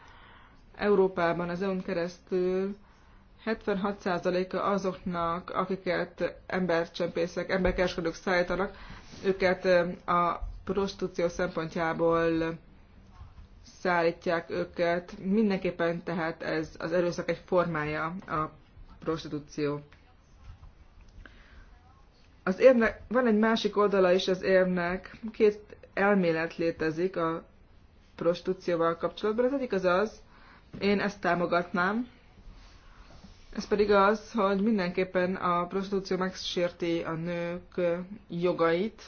[SPEAKER 3] Európában az EU-n keresztül 76%-a azoknak, akiket embercsempészek, emberkereskedők szállítanak, őket a prostitúció szempontjából szállítják őket. Mindenképpen tehát ez az erőszak egy formája a prostitúció. Az érvnek, van egy másik oldala is az érvnek, két elmélet létezik a prostitúcióval kapcsolatban. Az egyik az az, én ezt támogatnám, ez pedig az, hogy mindenképpen a prostitúció megsérti a nők jogait,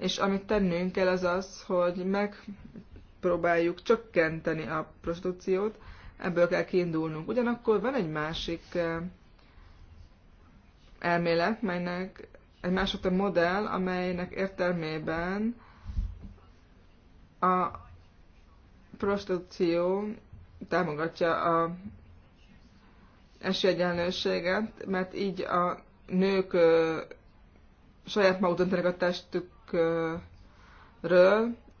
[SPEAKER 3] és amit tennünk kell az az, hogy megpróbáljuk csökkenteni a prostitúciót, ebből kell kiindulnunk. Ugyanakkor van egy másik eh, elmélet, melynek egy másfajta modell, amelynek értelmében a prostitúció támogatja a esélyegyenlőséget, mert így a nők ö, saját maguk döntenek a testükről,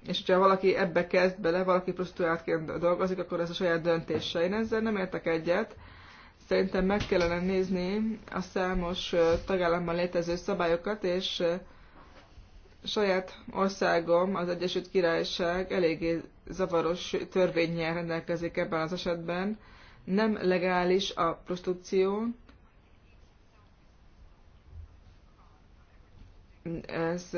[SPEAKER 3] és hogyha valaki ebbe kezd bele, valaki prostituáltként dolgozik, akkor ez a saját döntése. Én ezzel nem értek egyet, Szerintem meg kellene nézni a számos tagállamban létező szabályokat, és saját országom, az Egyesült Királyság eléggé zavaros törvényjel rendelkezik ebben az esetben. Nem legális a prostitúció, ez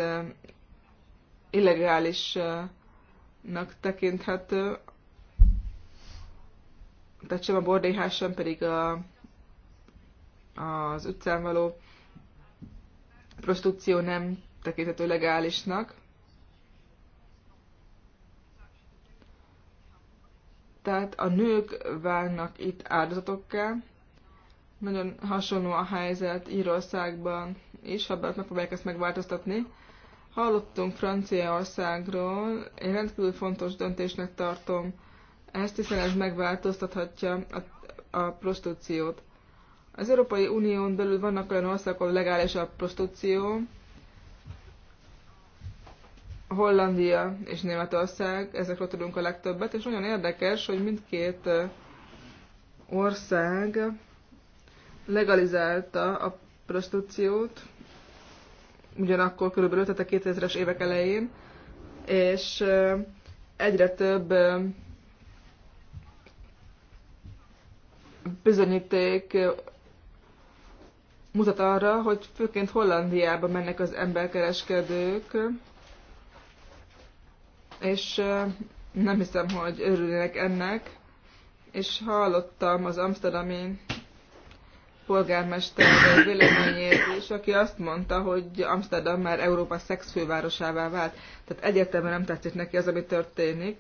[SPEAKER 3] illegálisnak tekinthető, tehát sem a bordéhás, sem pedig a, az utcán való prostitúció nem tekinthető legálisnak. Tehát a nők válnak itt áldozatokká. Nagyon hasonló a helyzet Írországban is, ha megpróbálják ezt megváltoztatni. Hallottunk Franciaországról, én rendkívül fontos döntésnek tartom ezt, hiszen ez megváltoztathatja a, a prostitúciót. Az Európai Unión belül vannak olyan országok, ahol legális a prostitúció, Hollandia és Németország, ezekről tudunk a legtöbbet, és nagyon érdekes, hogy mindkét ország legalizálta a prostitúciót, ugyanakkor körülbelül, tehát a 2000-es évek elején, és egyre több bizonyíték mutat arra, hogy főként Hollandiába mennek az emberkereskedők, és nem hiszem, hogy örülnek ennek, és hallottam az amsterdami polgármester véleményét is, aki azt mondta, hogy Amsterdam már Európa szexfővárosává vált. Tehát egyértelműen nem tetszik neki az, ami történik.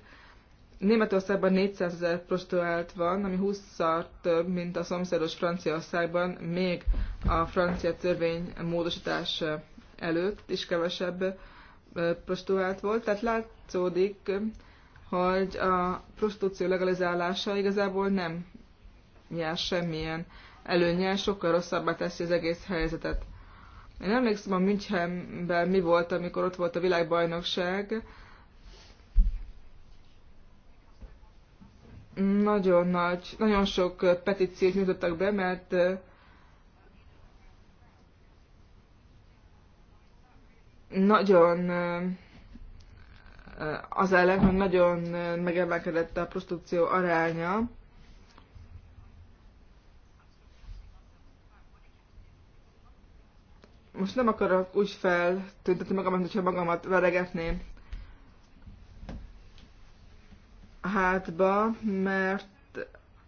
[SPEAKER 3] Németországban 400 ezer prostituált van, ami 20-szor több, mint a szomszédos Franciaországban, még a francia törvény módosítás előtt is kevesebb prostituált volt. Tehát látszódik, hogy a prostitúció legalizálása igazából nem jár semmilyen előnyel, sokkal rosszabbá teszi az egész helyzetet. Én emlékszem a Münchenben mi volt, amikor ott volt a világbajnokság, nagyon nagy, nagyon sok petíciót nyújtottak be, mert nagyon az ellen, hogy nagyon megemelkedett a prostitúció aránya. Most nem akarok úgy feltüntetni magamat, hogyha magamat veregetném a hátba, mert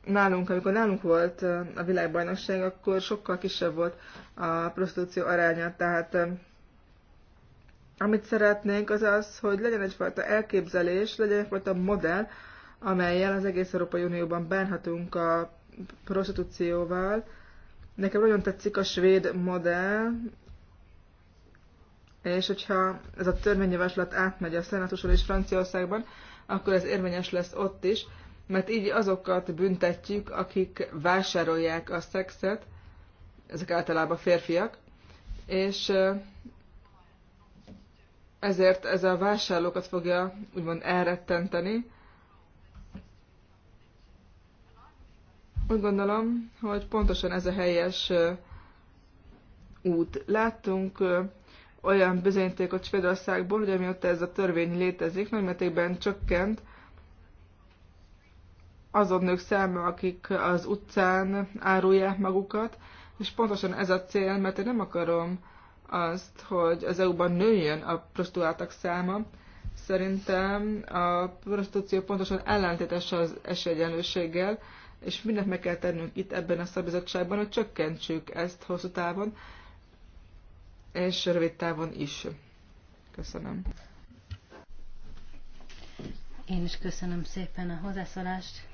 [SPEAKER 3] nálunk, amikor nálunk volt a világbajnokság, akkor sokkal kisebb volt a prostitúció aránya, tehát amit szeretnénk, az az, hogy legyen egyfajta elképzelés, legyen egyfajta modell, amelyel az egész Európai Unióban bánhatunk a prostitúcióval. Nekem nagyon tetszik a svéd modell, és hogyha ez a törvényjavaslat átmegy a szenátuson és Franciaországban, akkor ez érvényes lesz ott is, mert így azokat büntetjük, akik vásárolják a szexet, ezek általában férfiak, és ezért ez a vásárlókat fogja úgymond elrettenteni. Úgy gondolom, hogy pontosan ez a helyes út. Láttunk olyan bizonyítékot Svédországból, hogy amióta ez a törvény létezik, nagymértékben csökkent azon nők száma, akik az utcán árulják magukat, és pontosan ez a cél, mert én nem akarom azt, hogy az EU-ban nőjön a prostituáltak száma. Szerintem a prostitúció pontosan ellentétes az esélyegyenlőséggel, és mindent meg kell tennünk itt ebben a szabizottságban, hogy csökkentsük ezt hosszú távon, és rövid távon is.
[SPEAKER 2] Köszönöm. Én is köszönöm szépen a hozzászólást.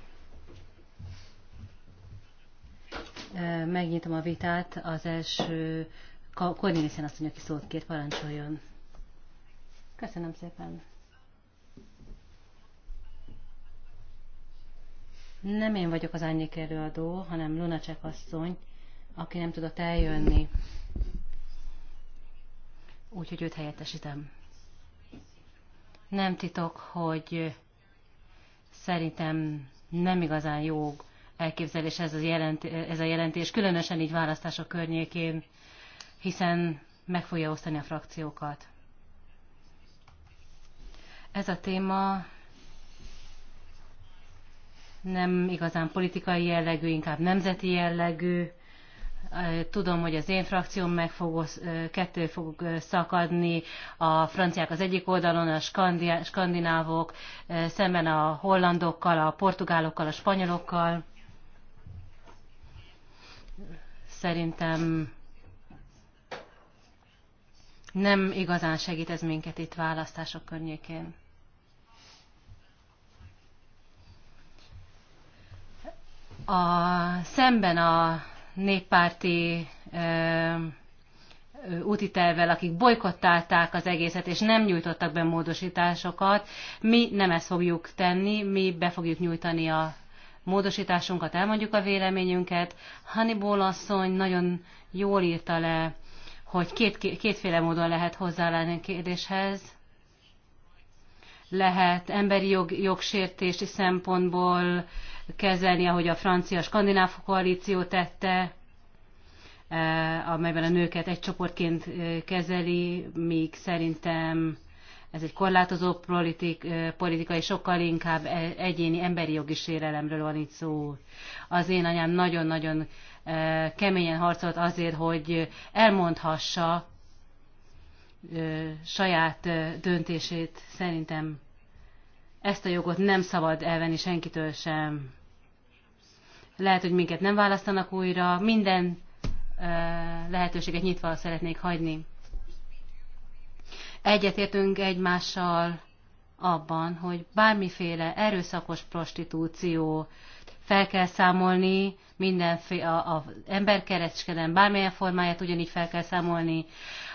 [SPEAKER 2] Megnyitom a vitát. Az első Kornélisen azt mondja, aki szót kér, parancsoljon. Köszönöm szépen. Nem én vagyok az ányék előadó, hanem Lunacek asszony, aki nem tudott eljönni úgyhogy őt helyettesítem. Nem titok, hogy szerintem nem igazán jó elképzelés ez, a, jelent, ez a jelentés, különösen így választások környékén, hiszen meg fogja osztani a frakciókat. Ez a téma nem igazán politikai jellegű, inkább nemzeti jellegű, Tudom, hogy az én frakcióm meg fog, kettő fog szakadni, a franciák az egyik oldalon, a skandinávok szemben a hollandokkal, a portugálokkal, a spanyolokkal. Szerintem nem igazán segít ez minket itt választások környékén. A, szemben a néppárti úti tervvel, akik bolykottálták az egészet, és nem nyújtottak be módosításokat. Mi nem ezt fogjuk tenni, mi be fogjuk nyújtani a módosításunkat, elmondjuk a véleményünket. Hannibal asszony nagyon jól írta le, hogy két, kétféle módon lehet hozzáállni a kérdéshez. Lehet emberi jog, jogsértési szempontból kezelni, ahogy a francia-skandináv koalíció tette, eh, amelyben a nőket egy csoportként eh, kezeli, míg szerintem ez egy korlátozó politik, eh, politikai, sokkal inkább e, egyéni emberi jogi sérelemről van itt szó. Az én anyám nagyon-nagyon keményen harcolt azért, hogy elmondhassa saját döntését. Szerintem ezt a jogot nem szabad elvenni senkitől sem. Lehet, hogy minket nem választanak újra. Minden lehetőséget nyitva szeretnék hagyni. Egyetértünk egymással abban, hogy bármiféle erőszakos prostitúció fel kell számolni, mindenféle az emberkereskedelem bármilyen formáját ugyanígy fel kell számolni.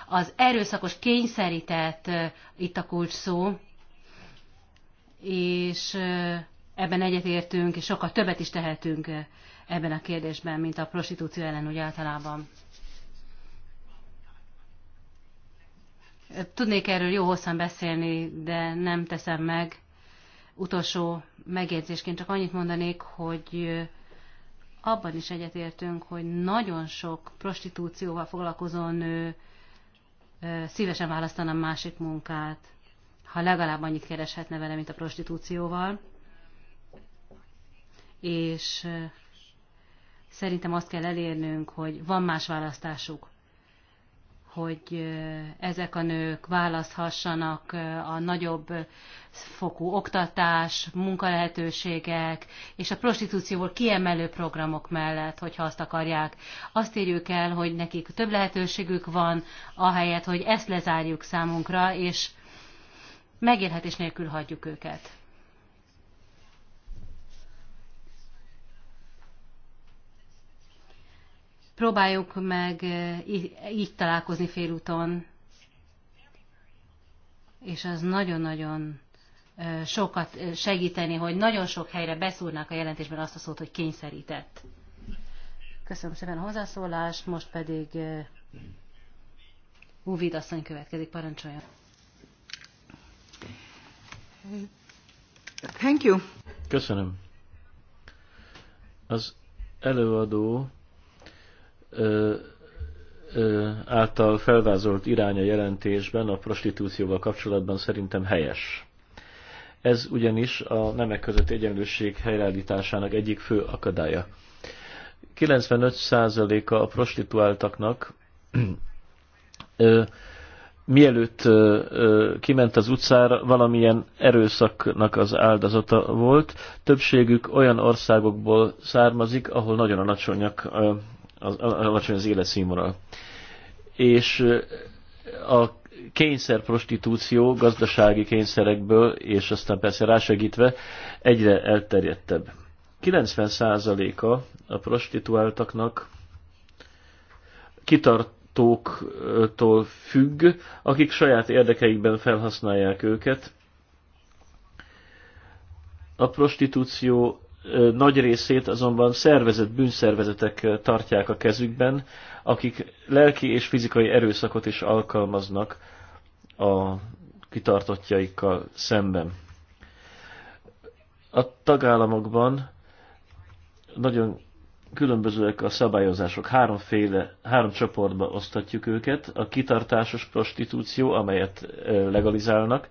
[SPEAKER 2] Az erőszakos kényszerített, itt a kulcs szó, és ebben egyetértünk, és sokkal többet is tehetünk ebben a kérdésben, mint a prostitúció ellen úgy általában. Tudnék erről jó hosszan beszélni, de nem teszem meg. Utolsó megjegyzésként csak annyit mondanék, hogy abban is egyetértünk, hogy nagyon sok prostitúcióval foglalkozó nő szívesen választana másik munkát, ha legalább annyit kereshetne vele, mint a prostitúcióval. És szerintem azt kell elérnünk, hogy van más választásuk, hogy ezek a nők választhassanak a nagyobb fokú oktatás, munkalehetőségek és a prostitúcióból kiemelő programok mellett, hogyha azt akarják. Azt írjuk el, hogy nekik több lehetőségük van, ahelyett, hogy ezt lezárjuk számunkra, és megélhetés nélkül hagyjuk őket. Próbáljuk meg eh, így találkozni félúton, és az nagyon-nagyon eh, sokat eh, segíteni, hogy nagyon sok helyre beszúrnák a jelentésben azt a szót, hogy kényszerített. Köszönöm szépen a hozzászólást, most pedig Uvid asszony következik, parancsoljon. Thank you.
[SPEAKER 1] Köszönöm. Az előadó ö, ö, által felvázolt iránya jelentésben a prostitúcióval kapcsolatban szerintem helyes. Ez ugyanis a nemek között egyenlőség helyreállításának egyik fő akadálya. 95%-a a prostituáltaknak ö, mielőtt kiment az utcára, valamilyen erőszaknak az áldozata volt. Többségük olyan országokból származik, ahol nagyon alacsonyak, az, alacsony az életszínvonal. És a kényszer prostitúció gazdasági kényszerekből, és aztán persze rásegítve egyre elterjedtebb. 90%-a a prostituáltaknak kitart gyártóktól függ, akik saját érdekeikben felhasználják őket. A prostitúció nagy részét azonban szervezett bűnszervezetek tartják a kezükben, akik lelki és fizikai erőszakot is alkalmaznak a kitartottjaikkal szemben. A tagállamokban nagyon különbözőek a szabályozások. Háromféle, három csoportba osztatjuk őket. A kitartásos prostitúció, amelyet legalizálnak.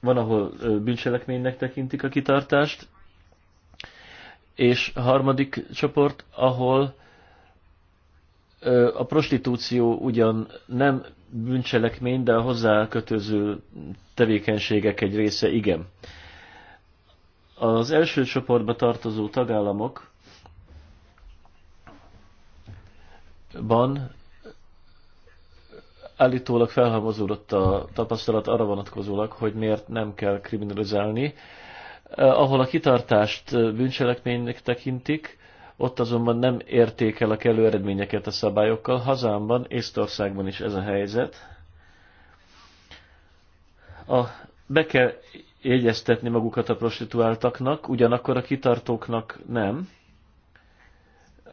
[SPEAKER 1] Van, ahol bűncselekménynek tekintik a kitartást. És a harmadik csoport, ahol a prostitúció ugyan nem bűncselekmény, de a hozzá kötöző tevékenységek egy része igen. Az első csoportba tartozó tagállamok ban állítólag felhalmozódott a tapasztalat arra vonatkozólag, hogy miért nem kell kriminalizálni. Eh, ahol a kitartást eh, bűncselekménynek tekintik, ott azonban nem érték el a kellő eredményeket a szabályokkal. Hazámban, Észtországban is ez a helyzet. A, be kell jegyeztetni magukat a prostituáltaknak, ugyanakkor a kitartóknak nem.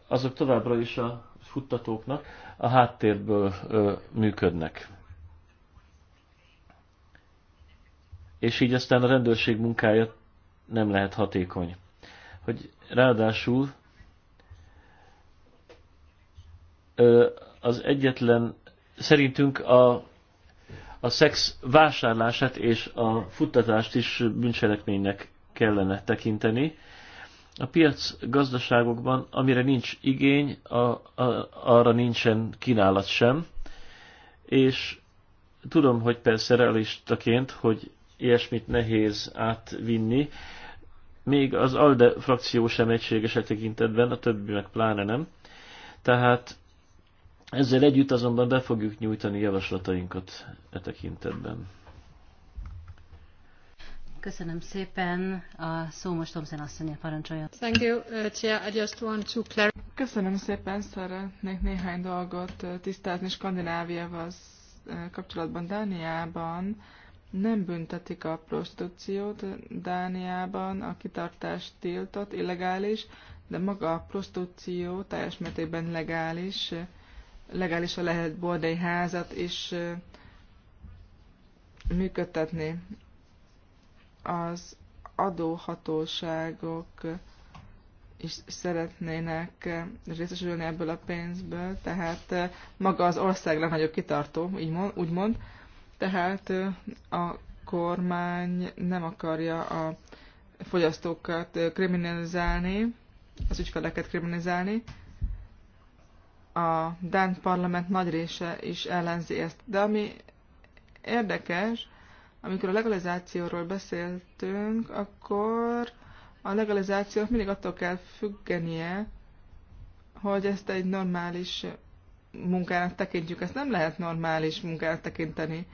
[SPEAKER 1] Azok továbbra is a futtatóknak a háttérből ö, működnek. És így aztán a rendőrség munkája nem lehet hatékony. Hogy ráadásul ö, az egyetlen, szerintünk a a szex vásárlását és a futtatást is bűncselekménynek kellene tekinteni. A piac gazdaságokban, amire nincs igény, a, a, arra nincsen kínálat sem, és tudom, hogy persze realistaként, hogy ilyesmit nehéz átvinni, még az ALDE frakció sem egységes a tekintetben, a többi meg pláne nem. Tehát ezzel együtt azonban be fogjuk nyújtani javaslatainkat e tekintetben.
[SPEAKER 2] Köszönöm szépen. A szó most Thomson asszony parancsolja. Thank you, uh, Chair. I just want to clarify.
[SPEAKER 3] Köszönöm szépen, szeretnék néhány dolgot uh, tisztázni Skandináviával uh, kapcsolatban. Dániában nem büntetik a prostitúciót, Dániában a kitartást tiltott, illegális, de maga a prostitúció teljes mértékben legális legálisan lehet bordei házat is működtetni. Az adóhatóságok is szeretnének részesülni ebből a pénzből, tehát maga az ország legnagyobb kitartó, úgymond. Tehát a kormány nem akarja a fogyasztókat kriminalizálni, az ügyfeleket kriminalizálni, a Dán parlament nagy része is ellenzi ezt. De ami érdekes, amikor a legalizációról beszéltünk, akkor a legalizáció mindig attól kell függenie, hogy ezt egy normális munkának tekintjük. Ezt nem lehet normális munkának tekinteni.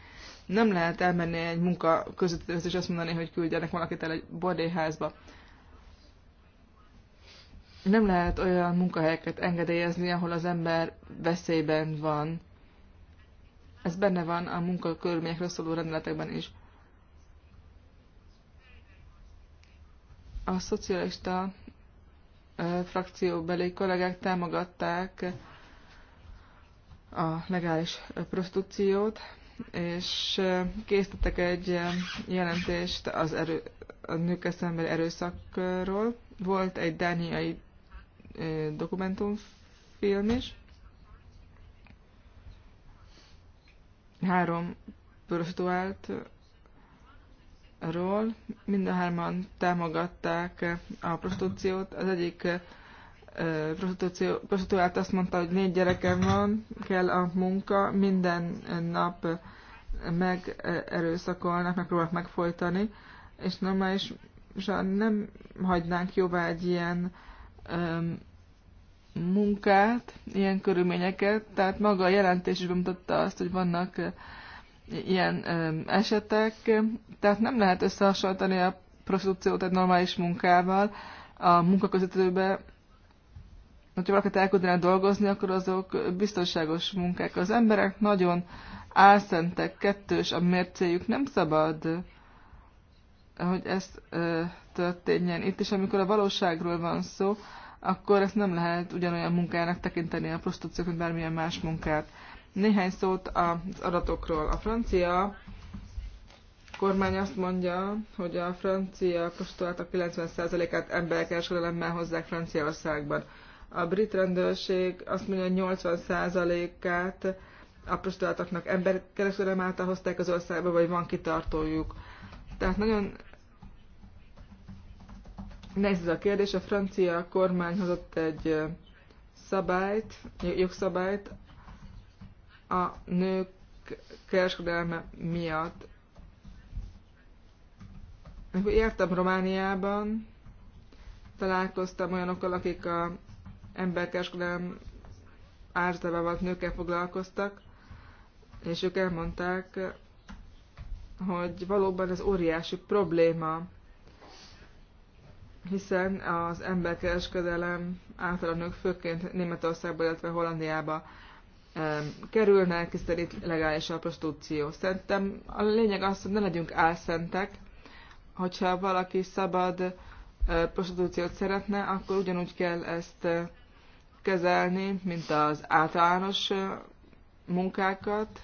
[SPEAKER 3] Nem lehet elmenni egy munka között és azt mondani, hogy küldjenek valakit el egy bordélyházba nem lehet olyan munkahelyeket engedélyezni, ahol az ember veszélyben van. Ez benne van a munkakörülményekről szóló rendeletekben is. A szocialista frakcióbeli kollégák támogatták a legális prostitúciót, és készítettek egy jelentést az erő, a nők szembeni erőszakról. Volt egy dániai dokumentumfilm is. Három prostituált ról. Mind a hárman támogatták a prostitúciót. Az egyik prostituált azt mondta, hogy négy gyerekem van, kell a munka, minden nap meg megerőszakolnak, megpróbálnak megfolytani, és normálisan nem hagynánk jóvá egy ilyen munkát, ilyen körülményeket, tehát maga a jelentés is bemutatta azt, hogy vannak ilyen esetek, tehát nem lehet összehasonlítani a prostitúciót egy normális munkával, a munkaközvetőbe, hogyha valakit elküldenek dolgozni, akkor azok biztonságos munkák. Az emberek nagyon álszentek, kettős a mércéjük, nem szabad, hogy ezt történjen. itt, és amikor a valóságról van szó, akkor ezt nem lehet ugyanolyan munkának tekinteni a prostitúciót, mint bármilyen más munkát. Néhány szót az adatokról. A francia kormány azt mondja, hogy a francia prostituáltak 90%-át emberkereskedelemmel hozzák Franciaországban. A brit rendőrség azt mondja, hogy 80%-át a prostituáltaknak emberkereskedelem által hozták az országba, vagy van kitartójuk. Tehát nagyon Nehéz ez a kérdés. A francia kormány hozott egy szabályt, jogszabályt a nők kereskedelme miatt. Amikor értem Romániában, találkoztam olyanokkal, akik a emberkereskedelem árzdába volt nőkkel foglalkoztak, és ők elmondták, hogy valóban ez óriási probléma hiszen az emberkereskedelem által a nők főként Németországba, illetve Hollandiába kerülnek, hiszen itt legális a prostitúció. Szerintem a lényeg az, hogy ne legyünk álszentek, hogyha valaki szabad prostitúciót szeretne, akkor ugyanúgy kell ezt kezelni, mint az általános munkákat,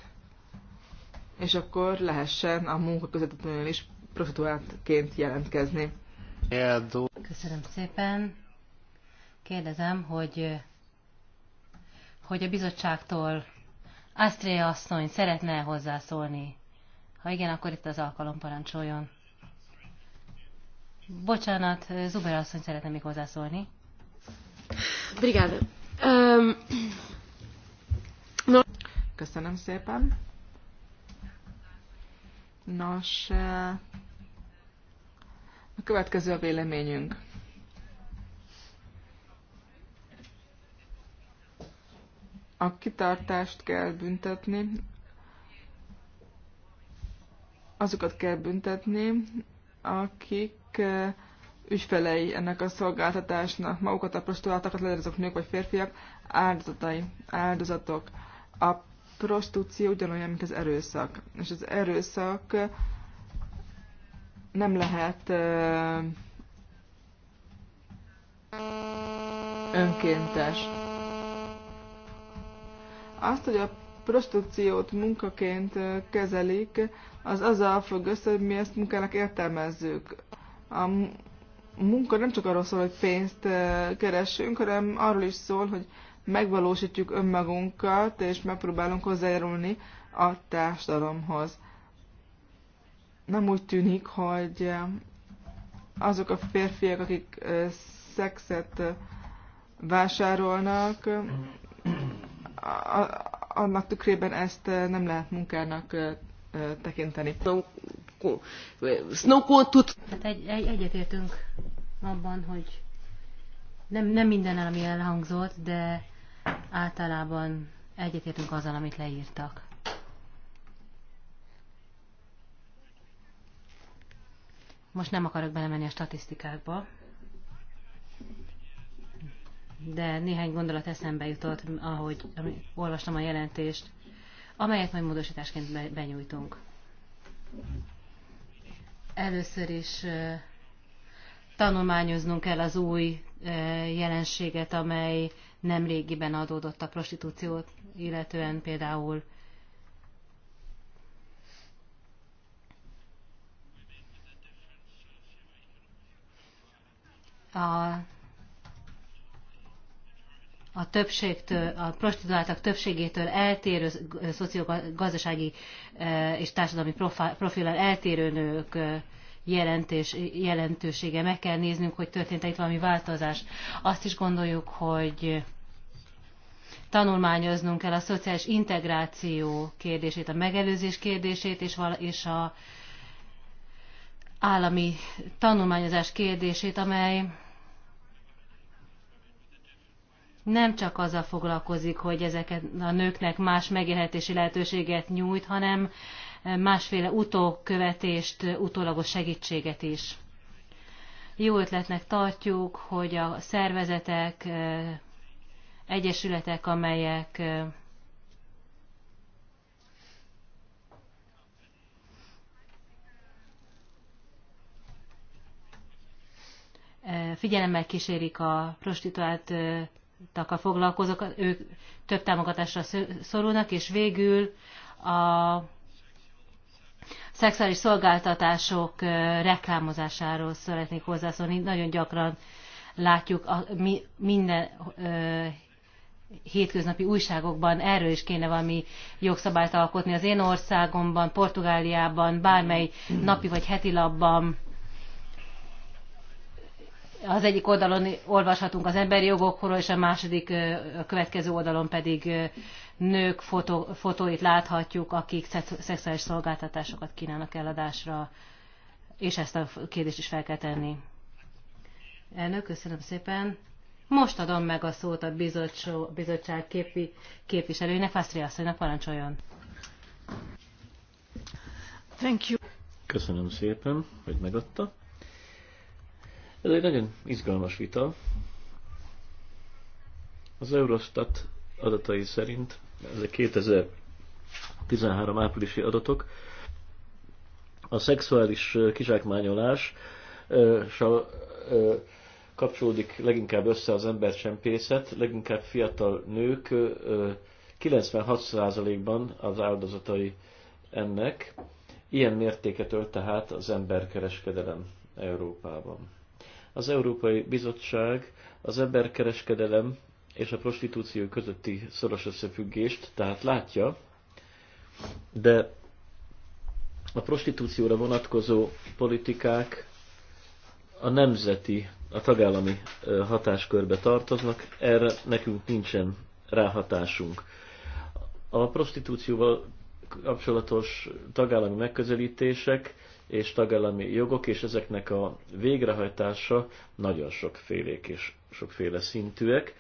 [SPEAKER 3] és akkor lehessen a munka közvetlenül is prostituáltként jelentkezni.
[SPEAKER 2] Köszönöm szépen. Kérdezem, hogy, hogy a bizottságtól Astrea asszony szeretne hozzászólni? Ha igen, akkor itt az alkalom parancsoljon. Bocsánat, Zuber asszony szeretne még hozzászólni. Brigáda. Um, no. Köszönöm szépen.
[SPEAKER 3] Nos, a következő a véleményünk. A kitartást kell büntetni, azokat kell büntetni, akik eh, ügyfelei ennek a szolgáltatásnak, magukat a prostituáltakat, legyen azok nők vagy férfiak, áldozatai, áldozatok. A prostitúció ugyanolyan, mint az erőszak. És az erőszak nem lehet önkéntes. Azt, hogy a prostitúciót munkaként kezelik, az azzal függ össze, hogy mi ezt munkának értelmezzük. A munka nem csak arról szól, hogy pénzt keressünk, hanem arról is szól, hogy megvalósítjuk önmagunkat, és megpróbálunk hozzájárulni a társadalomhoz nem úgy tűnik, hogy eh, azok a férfiak, akik eh, szexet eh, vásárolnak, annak tükrében ezt nem lehet munkának tekinteni.
[SPEAKER 2] Hát egy, egy, egyetértünk abban, hogy nem, nem minden el, ami elhangzott, de általában egyetértünk azzal, amit leírtak. Most nem akarok belemenni a statisztikákba, de néhány gondolat eszembe jutott, ahogy olvastam a jelentést, amelyet majd módosításként benyújtunk. Először is tanulmányoznunk kell az új jelenséget, amely nem régiben adódott a prostitúciót, illetően például a, a, többségtől, a prostituáltak többségétől eltérő szociogazdasági e, és társadalmi profillal eltérő nők e, jelentés, jelentősége. Meg kell néznünk, hogy történt-e itt valami változás. Azt is gondoljuk, hogy tanulmányoznunk kell a szociális integráció kérdését, a megelőzés kérdését és, vala, és a állami tanulmányozás kérdését, amely nem csak azzal foglalkozik, hogy ezeket a nőknek más megélhetési lehetőséget nyújt, hanem másféle utókövetést, utólagos segítséget is. Jó ötletnek tartjuk, hogy a szervezetek, egyesületek, amelyek figyelemmel kísérik a prostituáltakkal foglalkozók, ők több támogatásra szorulnak, és végül a szexuális szolgáltatások reklámozásáról szeretnék hozzászólni. Nagyon gyakran látjuk a, mi, minden ö, hétköznapi újságokban, erről is kéne valami jogszabályt alkotni. Az én országomban, Portugáliában, bármely napi vagy heti labban az egyik oldalon olvashatunk az emberi jogokról, és a második, a következő oldalon pedig nők fotó, fotóit láthatjuk, akik szexuális szolgáltatásokat kínálnak eladásra, és ezt a kérdést is fel kell tenni. Elnök, köszönöm szépen. Most adom meg a szót a bizottság képi, képviselőjének, Fásztri asszonynak parancsoljon. Thank you.
[SPEAKER 1] Köszönöm szépen, hogy megadta. Ez egy nagyon izgalmas vita. Az Eurostat adatai szerint, ezek 2013 áprilisi adatok, a szexuális kizsákmányolás kapcsolódik leginkább össze az embercsempészet, leginkább fiatal nők 96%-ban az áldozatai ennek. Ilyen mértéket ölt tehát az emberkereskedelem Európában. Az Európai Bizottság az emberkereskedelem és a prostitúció közötti szoros összefüggést, tehát látja, de a prostitúcióra vonatkozó politikák a nemzeti, a tagállami hatáskörbe tartoznak, erre nekünk nincsen ráhatásunk. A prostitúcióval kapcsolatos tagállami megközelítések és tagállami jogok, és ezeknek a végrehajtása nagyon sokfélék és sokféle szintűek.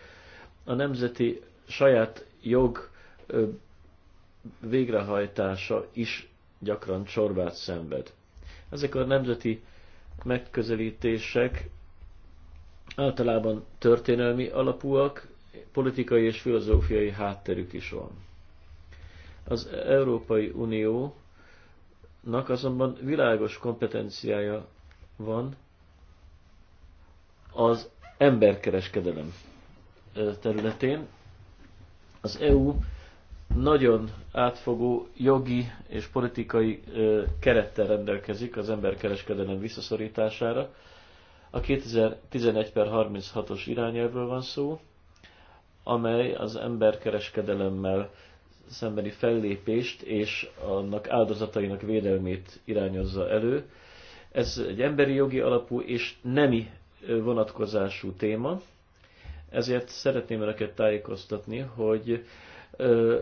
[SPEAKER 1] A nemzeti saját jog végrehajtása is gyakran csorbát szenved. Ezek a nemzeti megközelítések általában történelmi alapúak, politikai és filozófiai hátterük is van. Az Európai Unió nak azonban világos kompetenciája van az emberkereskedelem területén. Az EU nagyon átfogó jogi és politikai kerettel rendelkezik az emberkereskedelem visszaszorítására. A 2011 per 36-os irányelvről van szó, amely az emberkereskedelemmel szembeni fellépést és annak áldozatainak védelmét irányozza elő. Ez egy emberi jogi alapú és nemi vonatkozású téma, ezért szeretném önöket tájékoztatni, hogy ö,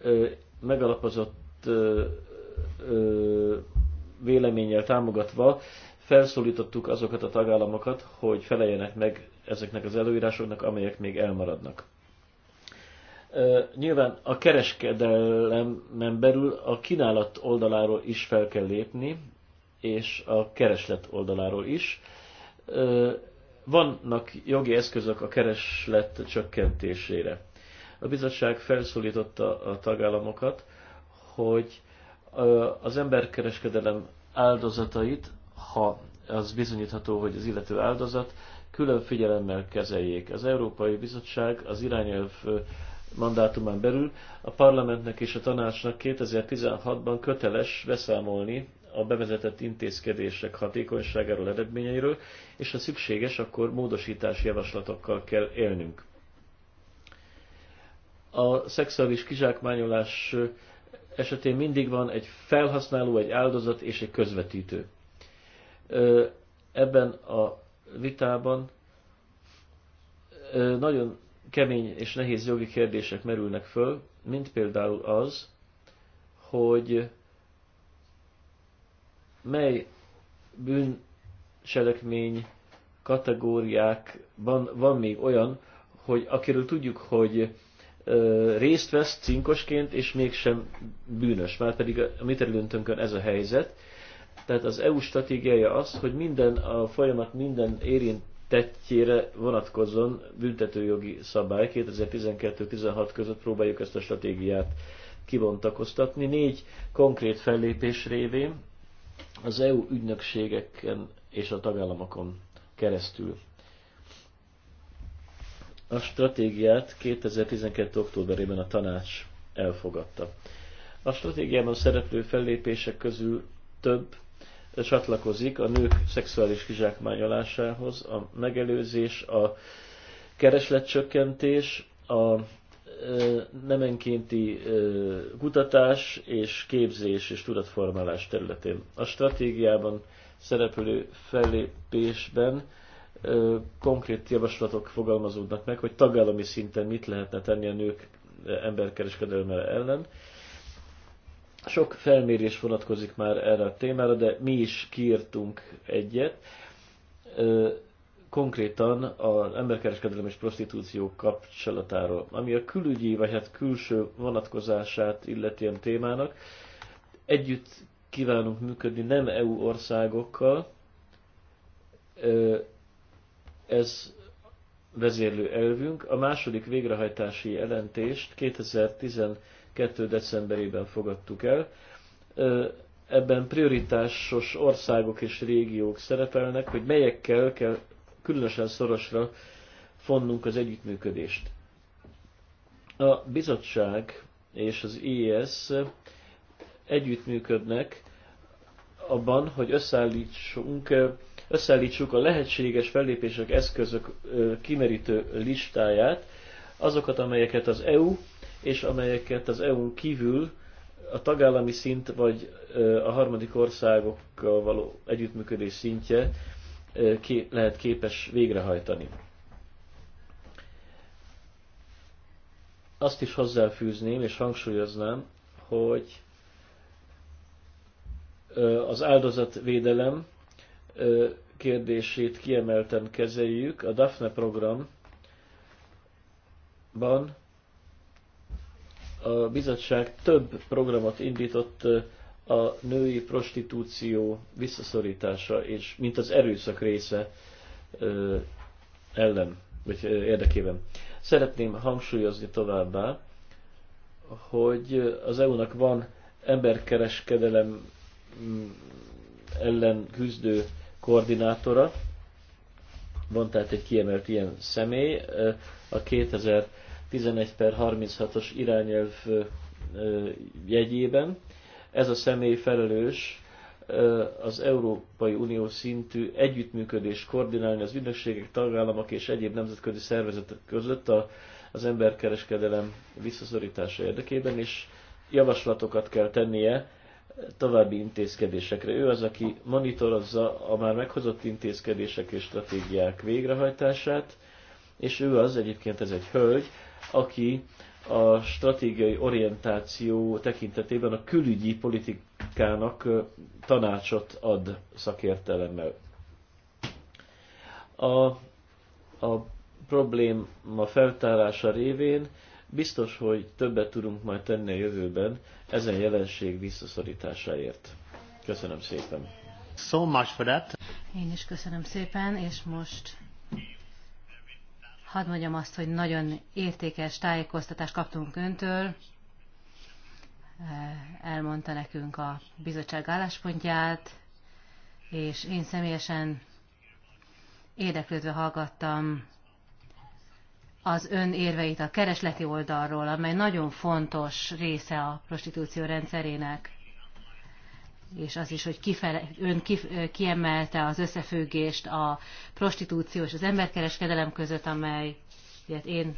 [SPEAKER 1] ö, megalapozott ö, ö, véleménnyel támogatva felszólítottuk azokat a tagállamokat, hogy feleljenek meg ezeknek az előírásoknak, amelyek még elmaradnak nyilván a kereskedelemen belül a kínálat oldaláról is fel kell lépni, és a kereslet oldaláról is. Vannak jogi eszközök a kereslet csökkentésére. A bizottság felszólította a tagállamokat, hogy az emberkereskedelem áldozatait, ha az bizonyítható, hogy az illető áldozat, külön figyelemmel kezeljék. Az Európai Bizottság az irányelv mandátumán belül a parlamentnek és a tanácsnak 2016-ban köteles beszámolni a bevezetett intézkedések hatékonyságáról, eredményeiről, és ha szükséges, akkor módosítási javaslatokkal kell élnünk. A szexuális kizsákmányolás esetén mindig van egy felhasználó, egy áldozat és egy közvetítő. Ebben a vitában nagyon kemény és nehéz jogi kérdések merülnek föl, mint például az, hogy mely bűncselekmény kategóriákban van még olyan, hogy akiről tudjuk, hogy részt vesz cinkosként, és mégsem bűnös. Már pedig a mi területünkön ez a helyzet. Tehát az EU stratégiája az, hogy minden a folyamat minden érint tettjére vonatkozzon büntetőjogi szabály. 2012-16 között próbáljuk ezt a stratégiát kibontakoztatni. Négy konkrét fellépés révén az EU ügynökségeken és a tagállamokon keresztül. A stratégiát 2012. októberében a tanács elfogadta. A stratégiában szereplő fellépések közül több csatlakozik a nők szexuális kizsákmányolásához, a megelőzés, a keresletcsökkentés, a nemenkénti kutatás és képzés és tudatformálás területén. A stratégiában szereplő fellépésben konkrét javaslatok fogalmazódnak meg, hogy tagállami szinten mit lehetne tenni a nők emberkereskedelme ellen, sok felmérés vonatkozik már erre a témára, de mi is kiírtunk egyet. Konkrétan az emberkereskedelem és prostitúció kapcsolatáról, ami a külügyi, vagy hát külső vonatkozását illeti a témának. Együtt kívánunk működni nem EU országokkal. Ez vezérlő elvünk. A második végrehajtási jelentést 2010. 2. decemberében fogadtuk el. Ebben prioritásos országok és régiók szerepelnek, hogy melyekkel kell különösen szorosra fonnunk az együttműködést. A bizottság és az IES együttműködnek abban, hogy összeállítsunk, összeállítsuk a lehetséges fellépések eszközök kimerítő listáját, azokat, amelyeket az EU és amelyeket az EU-n kívül a tagállami szint vagy a harmadik országokkal való együttműködés szintje lehet képes végrehajtani. Azt is hozzáfűzném és hangsúlyoznám, hogy az áldozatvédelem kérdését kiemelten kezeljük. A DAFNE programban a bizottság több programot indított a női prostitúció visszaszorítása, és mint az erőszak része ellen, vagy érdekében. Szeretném hangsúlyozni továbbá, hogy az EU-nak van emberkereskedelem mm, ellen küzdő koordinátora, van tehát egy kiemelt ilyen személy, a 2000 11 per 36-os irányelv jegyében. Ez a személy felelős az Európai Unió szintű együttműködés koordinálni az ügynökségek, tagállamok és egyéb nemzetközi szervezetek között a, az emberkereskedelem visszaszorítása érdekében, és javaslatokat kell tennie további intézkedésekre. Ő az, aki monitorozza a már meghozott intézkedések és stratégiák végrehajtását, és ő az, egyébként ez egy hölgy, aki a stratégiai orientáció tekintetében a külügyi politikának tanácsot ad szakértelemmel. A, a probléma feltárása révén biztos, hogy többet tudunk majd tenni a jövőben ezen jelenség visszaszorításáért. Köszönöm szépen! So much for that.
[SPEAKER 2] Én is köszönöm szépen, és most hadd mondjam azt, hogy nagyon értékes tájékoztatást kaptunk öntől. Elmondta nekünk a bizottság álláspontját, és én személyesen érdeklődve hallgattam az ön érveit a keresleti oldalról, amely nagyon fontos része a prostitúció rendszerének és az is, hogy kifele, ön kif, kiemelte az összefüggést a prostitúció és az emberkereskedelem között, amely én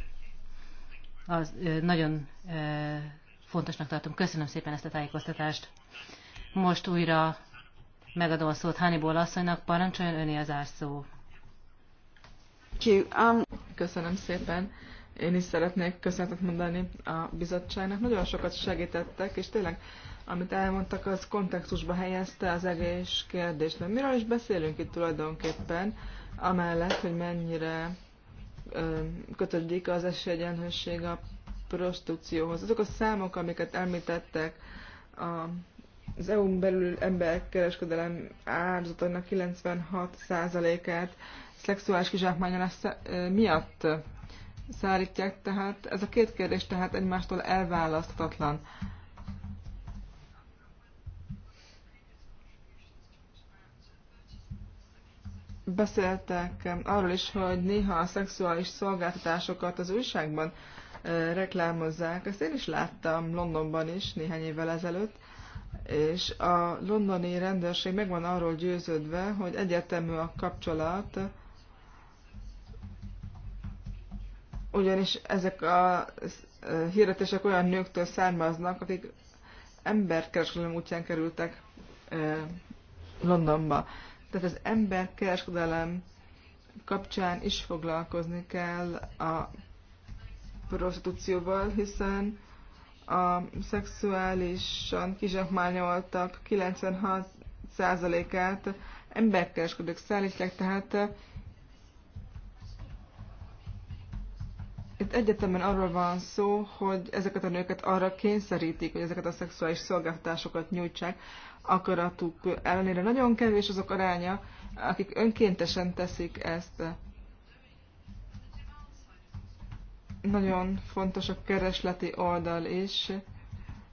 [SPEAKER 2] az, nagyon fontosnak tartom. Köszönöm szépen ezt a tájékoztatást. Most újra megadom a szót Hannibal asszonynak, parancsoljon öné az árszó. Um, köszönöm szépen. Én is szeretnék
[SPEAKER 3] köszönetet mondani a bizottságnak. Nagyon sokat segítettek, és tényleg amit elmondtak, az kontextusba helyezte az egész kérdést. Mert miről is beszélünk itt tulajdonképpen, amellett, hogy mennyire ö, kötődik az esélyegyenlőség a prostitúcióhoz. Azok a számok, amiket említettek, a, az EU-n belül emberkereskedelem áldozatainak 96%-át szexuális kizsákmányolás miatt szállítják, tehát ez a két kérdés tehát egymástól elválaszthatatlan. beszéltek arról is, hogy néha a szexuális szolgáltatásokat az újságban reklámozzák. Ezt én is láttam Londonban is néhány évvel ezelőtt, és a londoni rendőrség meg van arról győződve, hogy egyetemű a kapcsolat, ugyanis ezek a hirdetések olyan nőktől származnak, akik emberkereskedelem útján kerültek Londonba. Tehát az kereskedelem kapcsán is foglalkozni kell a prostitúcióval, hiszen a szexuálisan kizsakmányoltak 96%-át emberkereskedők szállítják, tehát eh, itt egyetemen arról van szó, hogy ezeket a nőket arra kényszerítik, hogy ezeket a szexuális szolgáltatásokat nyújtsák akaratuk ellenére. Nagyon kevés azok aránya, akik önkéntesen teszik ezt. Nagyon fontos a keresleti oldal is,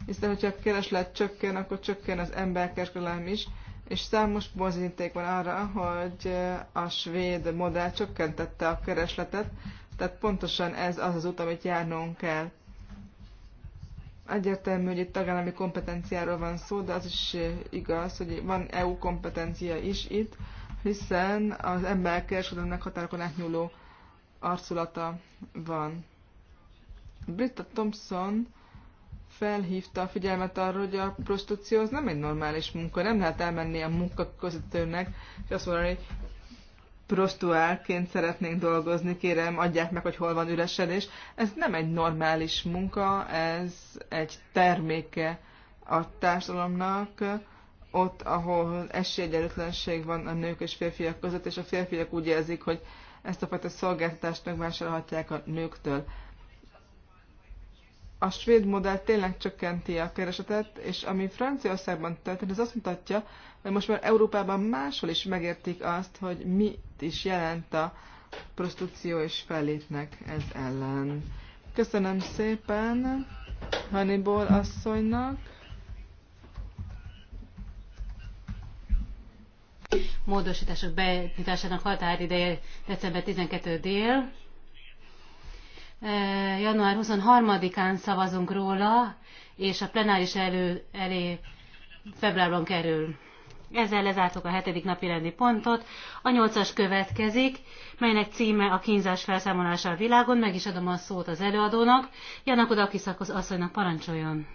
[SPEAKER 3] hiszen hogyha a kereslet csökken, akkor csökken az emberkereskedelem is, és számos bizonyíték van arra, hogy a svéd modell csökkentette a keresletet, tehát pontosan ez az az út, amit járnunk kell. Egyértelmű, hogy itt tagállami kompetenciáról van szó, de az is igaz, hogy van EU kompetencia is itt, hiszen az ember kereskedelemnek határokon átnyúló arculata van. Britta Thompson felhívta a figyelmet arra, hogy a prostitúció az nem egy normális munka, nem lehet elmenni a munkaközvetőnek, és azt mondani, hogy prostuálként szeretnénk dolgozni, kérem, adják meg, hogy hol van üresedés. Ez nem egy normális munka, ez egy terméke a társadalomnak, ott, ahol esélyegyenlőtlenség van a nők és férfiak között, és a férfiak úgy érzik, hogy ezt a fajta szolgáltatást megvásárolhatják a nőktől a svéd modell tényleg csökkenti a keresetet, és ami Franciaországban történt, ez azt mutatja, hogy most már Európában máshol is megértik azt, hogy mit is jelent a prostitúció, és fellépnek ez ellen. Köszönöm szépen Hannibal asszonynak.
[SPEAKER 2] Módosítások benyújtásának határideje december 12 dél. Eh, január 23-án szavazunk róla, és a plenáris elő, elé februárban kerül. Ezzel lezártuk a hetedik napi rendi pontot. A nyolcas következik, melynek címe a kínzás felszámolása a világon. Meg is adom a szót az előadónak. Janak aki az asszonynak parancsoljon.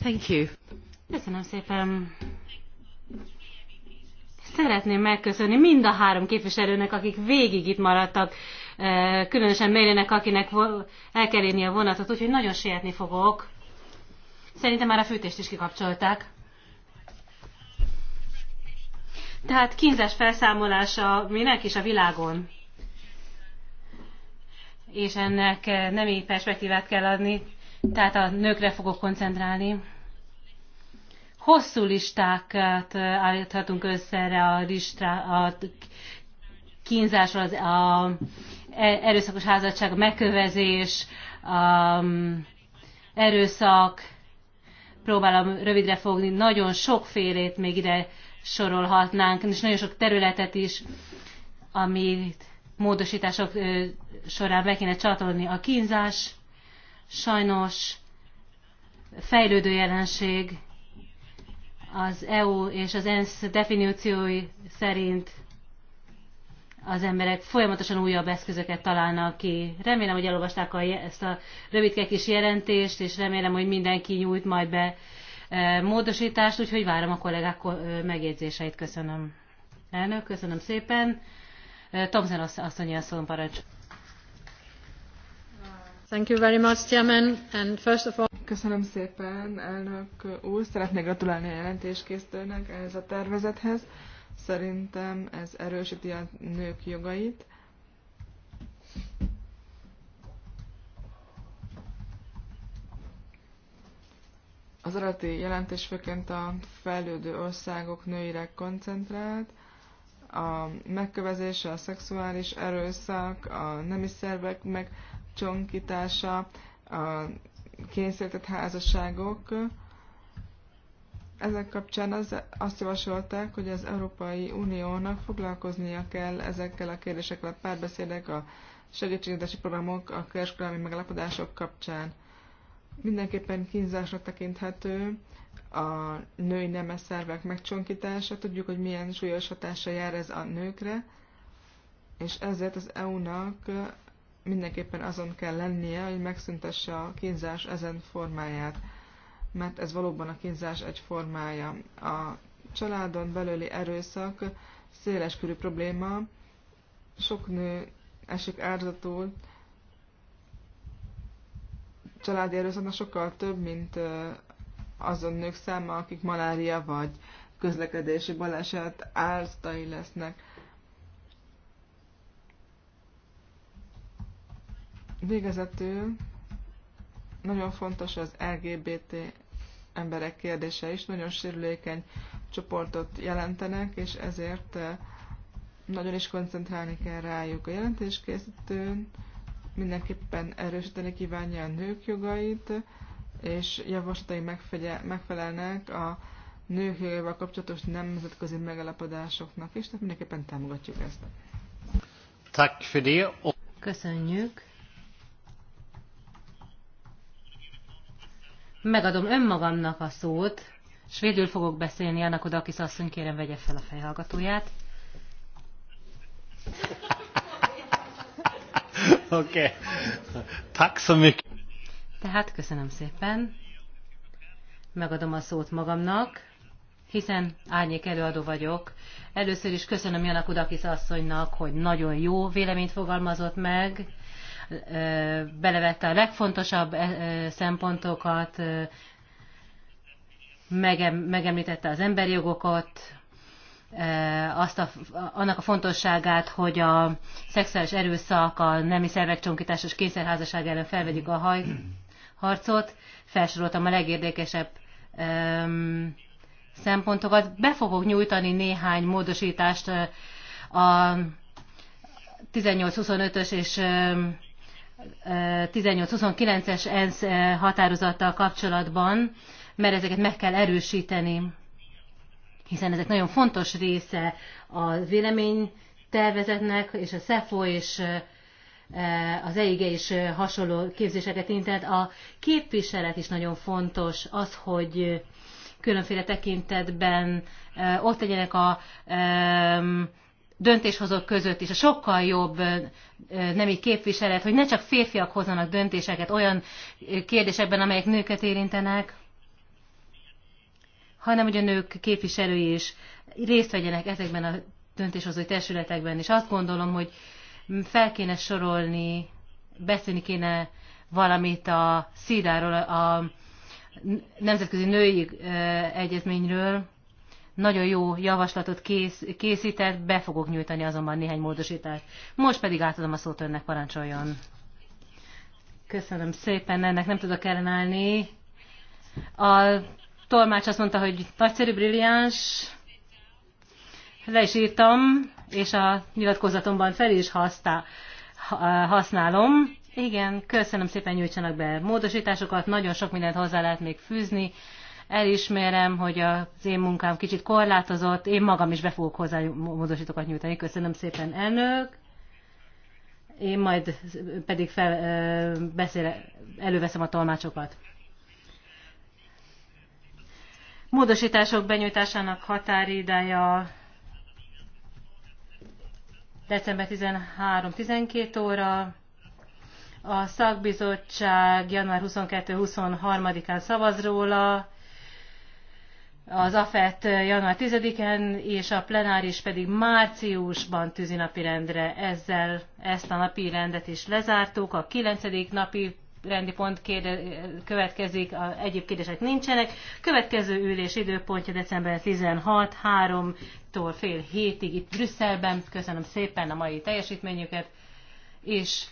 [SPEAKER 2] Thank you. Köszönöm szépen szeretném megköszönni mind a három képviselőnek, akik végig itt maradtak, eh, különösen Mélének, akinek el kell érni a vonatot, úgyhogy nagyon sietni fogok. Szerintem már a fűtést is kikapcsolták. Tehát kínzás felszámolása minek is a világon. És ennek eh, nemi perspektívát kell adni, tehát a nőkre fogok koncentrálni hosszú listákat állíthatunk össze erre a, listra, a kínzásra, az a e, erőszakos házadság, a megkövezés, a mm, erőszak, próbálom rövidre fogni, nagyon sokfélét még ide sorolhatnánk, és nagyon sok területet is, amit módosítások során be kéne csatolni. A kínzás sajnos fejlődő jelenség, az EU és az ENSZ definíciói szerint az emberek folyamatosan újabb eszközöket találnak ki. Remélem, hogy elolvasták a, ezt a rövidke kis jelentést, és remélem, hogy mindenki nyújt majd be e, módosítást, úgyhogy várom a kollégák e, megjegyzéseit. Köszönöm. Elnök, köszönöm szépen. E, Tomzen a asszony, parancsoljon.
[SPEAKER 3] Köszönöm szépen, elnök úr. Szeretnék gratulálni a jelentéskészítőnek ehhez a tervezethez. Szerintem ez erősíti a nők jogait. Az eredeti jelentés főként a fejlődő országok nőire koncentrált, a megkövezése, a szexuális erőszak, a nemi szervek meg csonkítása, a kényszerített házasságok. Ezek kapcsán az, azt javasolták, hogy az Európai Uniónak foglalkoznia kell ezekkel a kérdésekkel, a párbeszédek, a segítségnyújtási programok, a kereskedelmi megalapodások kapcsán. Mindenképpen kínzásra tekinthető a női nemes szervek megcsonkítása. Tudjuk, hogy milyen súlyos hatása jár ez a nőkre, és ezért az EU-nak mindenképpen azon kell lennie, hogy megszüntesse a kínzás ezen formáját, mert ez valóban a kínzás egy formája. A családon belüli erőszak széleskörű probléma, sok nő esik áldozatul, családi erőszaknak sokkal több, mint azon nők száma, akik malária vagy közlekedési baleset áldozatai lesznek Végezetül nagyon fontos az LGBT emberek kérdése is, nagyon sérülékeny csoportot jelentenek, és ezért eh, nagyon is koncentrálni kell rájuk. A jelentéskészítőn mindenképpen erősíteni kívánja a nők jogait, és javaslatai megfelelnek a nők jogaival kapcsolatos nemzetközi megalapodásoknak is, tehát mindenképpen támogatjuk
[SPEAKER 2] ezt. Köszönjük. Megadom önmagamnak a szót, svédül fogok beszélni, annak oda, aki szasszony, kérem, vegye fel a fejhallgatóját. (laughs) Oké. Okay. Tehát köszönöm szépen. Megadom a szót magamnak, hiszen árnyék előadó vagyok. Először is köszönöm Janakudakis asszonynak, hogy nagyon jó véleményt fogalmazott meg belevette a legfontosabb szempontokat, megemlítette az emberi jogokat, azt a, annak a fontosságát, hogy a szexuális erőszak, a nemi szervek csonkításos kényszerházasság ellen felvegyük a haj, harcot, felsoroltam a legérdekesebb um, szempontokat. Be fogok nyújtani néhány módosítást a 18-25-ös és 18-29-es ENSZ eh, határozattal kapcsolatban, mert ezeket meg kell erősíteni, hiszen ezek nagyon fontos része a véleménytervezetnek, és a SEFO és eh, eh, az EIGE is hasonló képzéseket intett. A képviselet is nagyon fontos, az, hogy különféle tekintetben ott legyenek a döntéshozók között is a sokkal jobb nemi képviselet, hogy ne csak férfiak hozzanak döntéseket olyan kérdésekben, amelyek nőket érintenek, hanem hogy a nők képviselői is részt vegyenek ezekben a döntéshozói testületekben, és azt gondolom, hogy fel kéne sorolni, beszélni kéne valamit a szídáról, a Nemzetközi Női Egyezményről, nagyon jó javaslatot kész, készített, be fogok nyújtani azonban néhány módosítást. Most pedig átadom a szót önnek, parancsoljon. Köszönöm szépen, ennek nem tudok ellenállni. A tolmács azt mondta, hogy nagyszerű, brilliáns, le is írtam, és a nyilatkozatomban fel is használ, használom. Igen, köszönöm szépen, nyújtsanak be módosításokat, nagyon sok mindent hozzá lehet még fűzni Elismerem, hogy az én munkám kicsit korlátozott, én magam is be fogok hozzá módosítókat nyújtani. Köszönöm szépen, elnök! Én majd pedig fel, beszél, előveszem a tolmácsokat. Módosítások benyújtásának határidája december 13-12 óra, a szakbizottság január 22-23-án szavaz róla, az AFET január 10-en, és a plenáris pedig márciusban tűzi napirendre. Ezzel ezt a napi rendet is lezártuk. A 9. napi rendi pont kérde, következik, a, egyéb kérdések nincsenek. Következő ülés időpontja december 16, 3-tól fél hétig itt Brüsszelben. Köszönöm szépen a mai teljesítményüket, és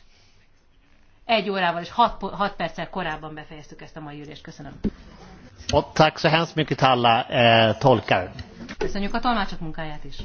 [SPEAKER 2] egy órával és 6 perccel korábban befejeztük ezt a mai ülést. Köszönöm.
[SPEAKER 1] Tack så hemskt mycket till alla eh, tolkar.
[SPEAKER 2] Köszönjük a tolmácsok munkáját is.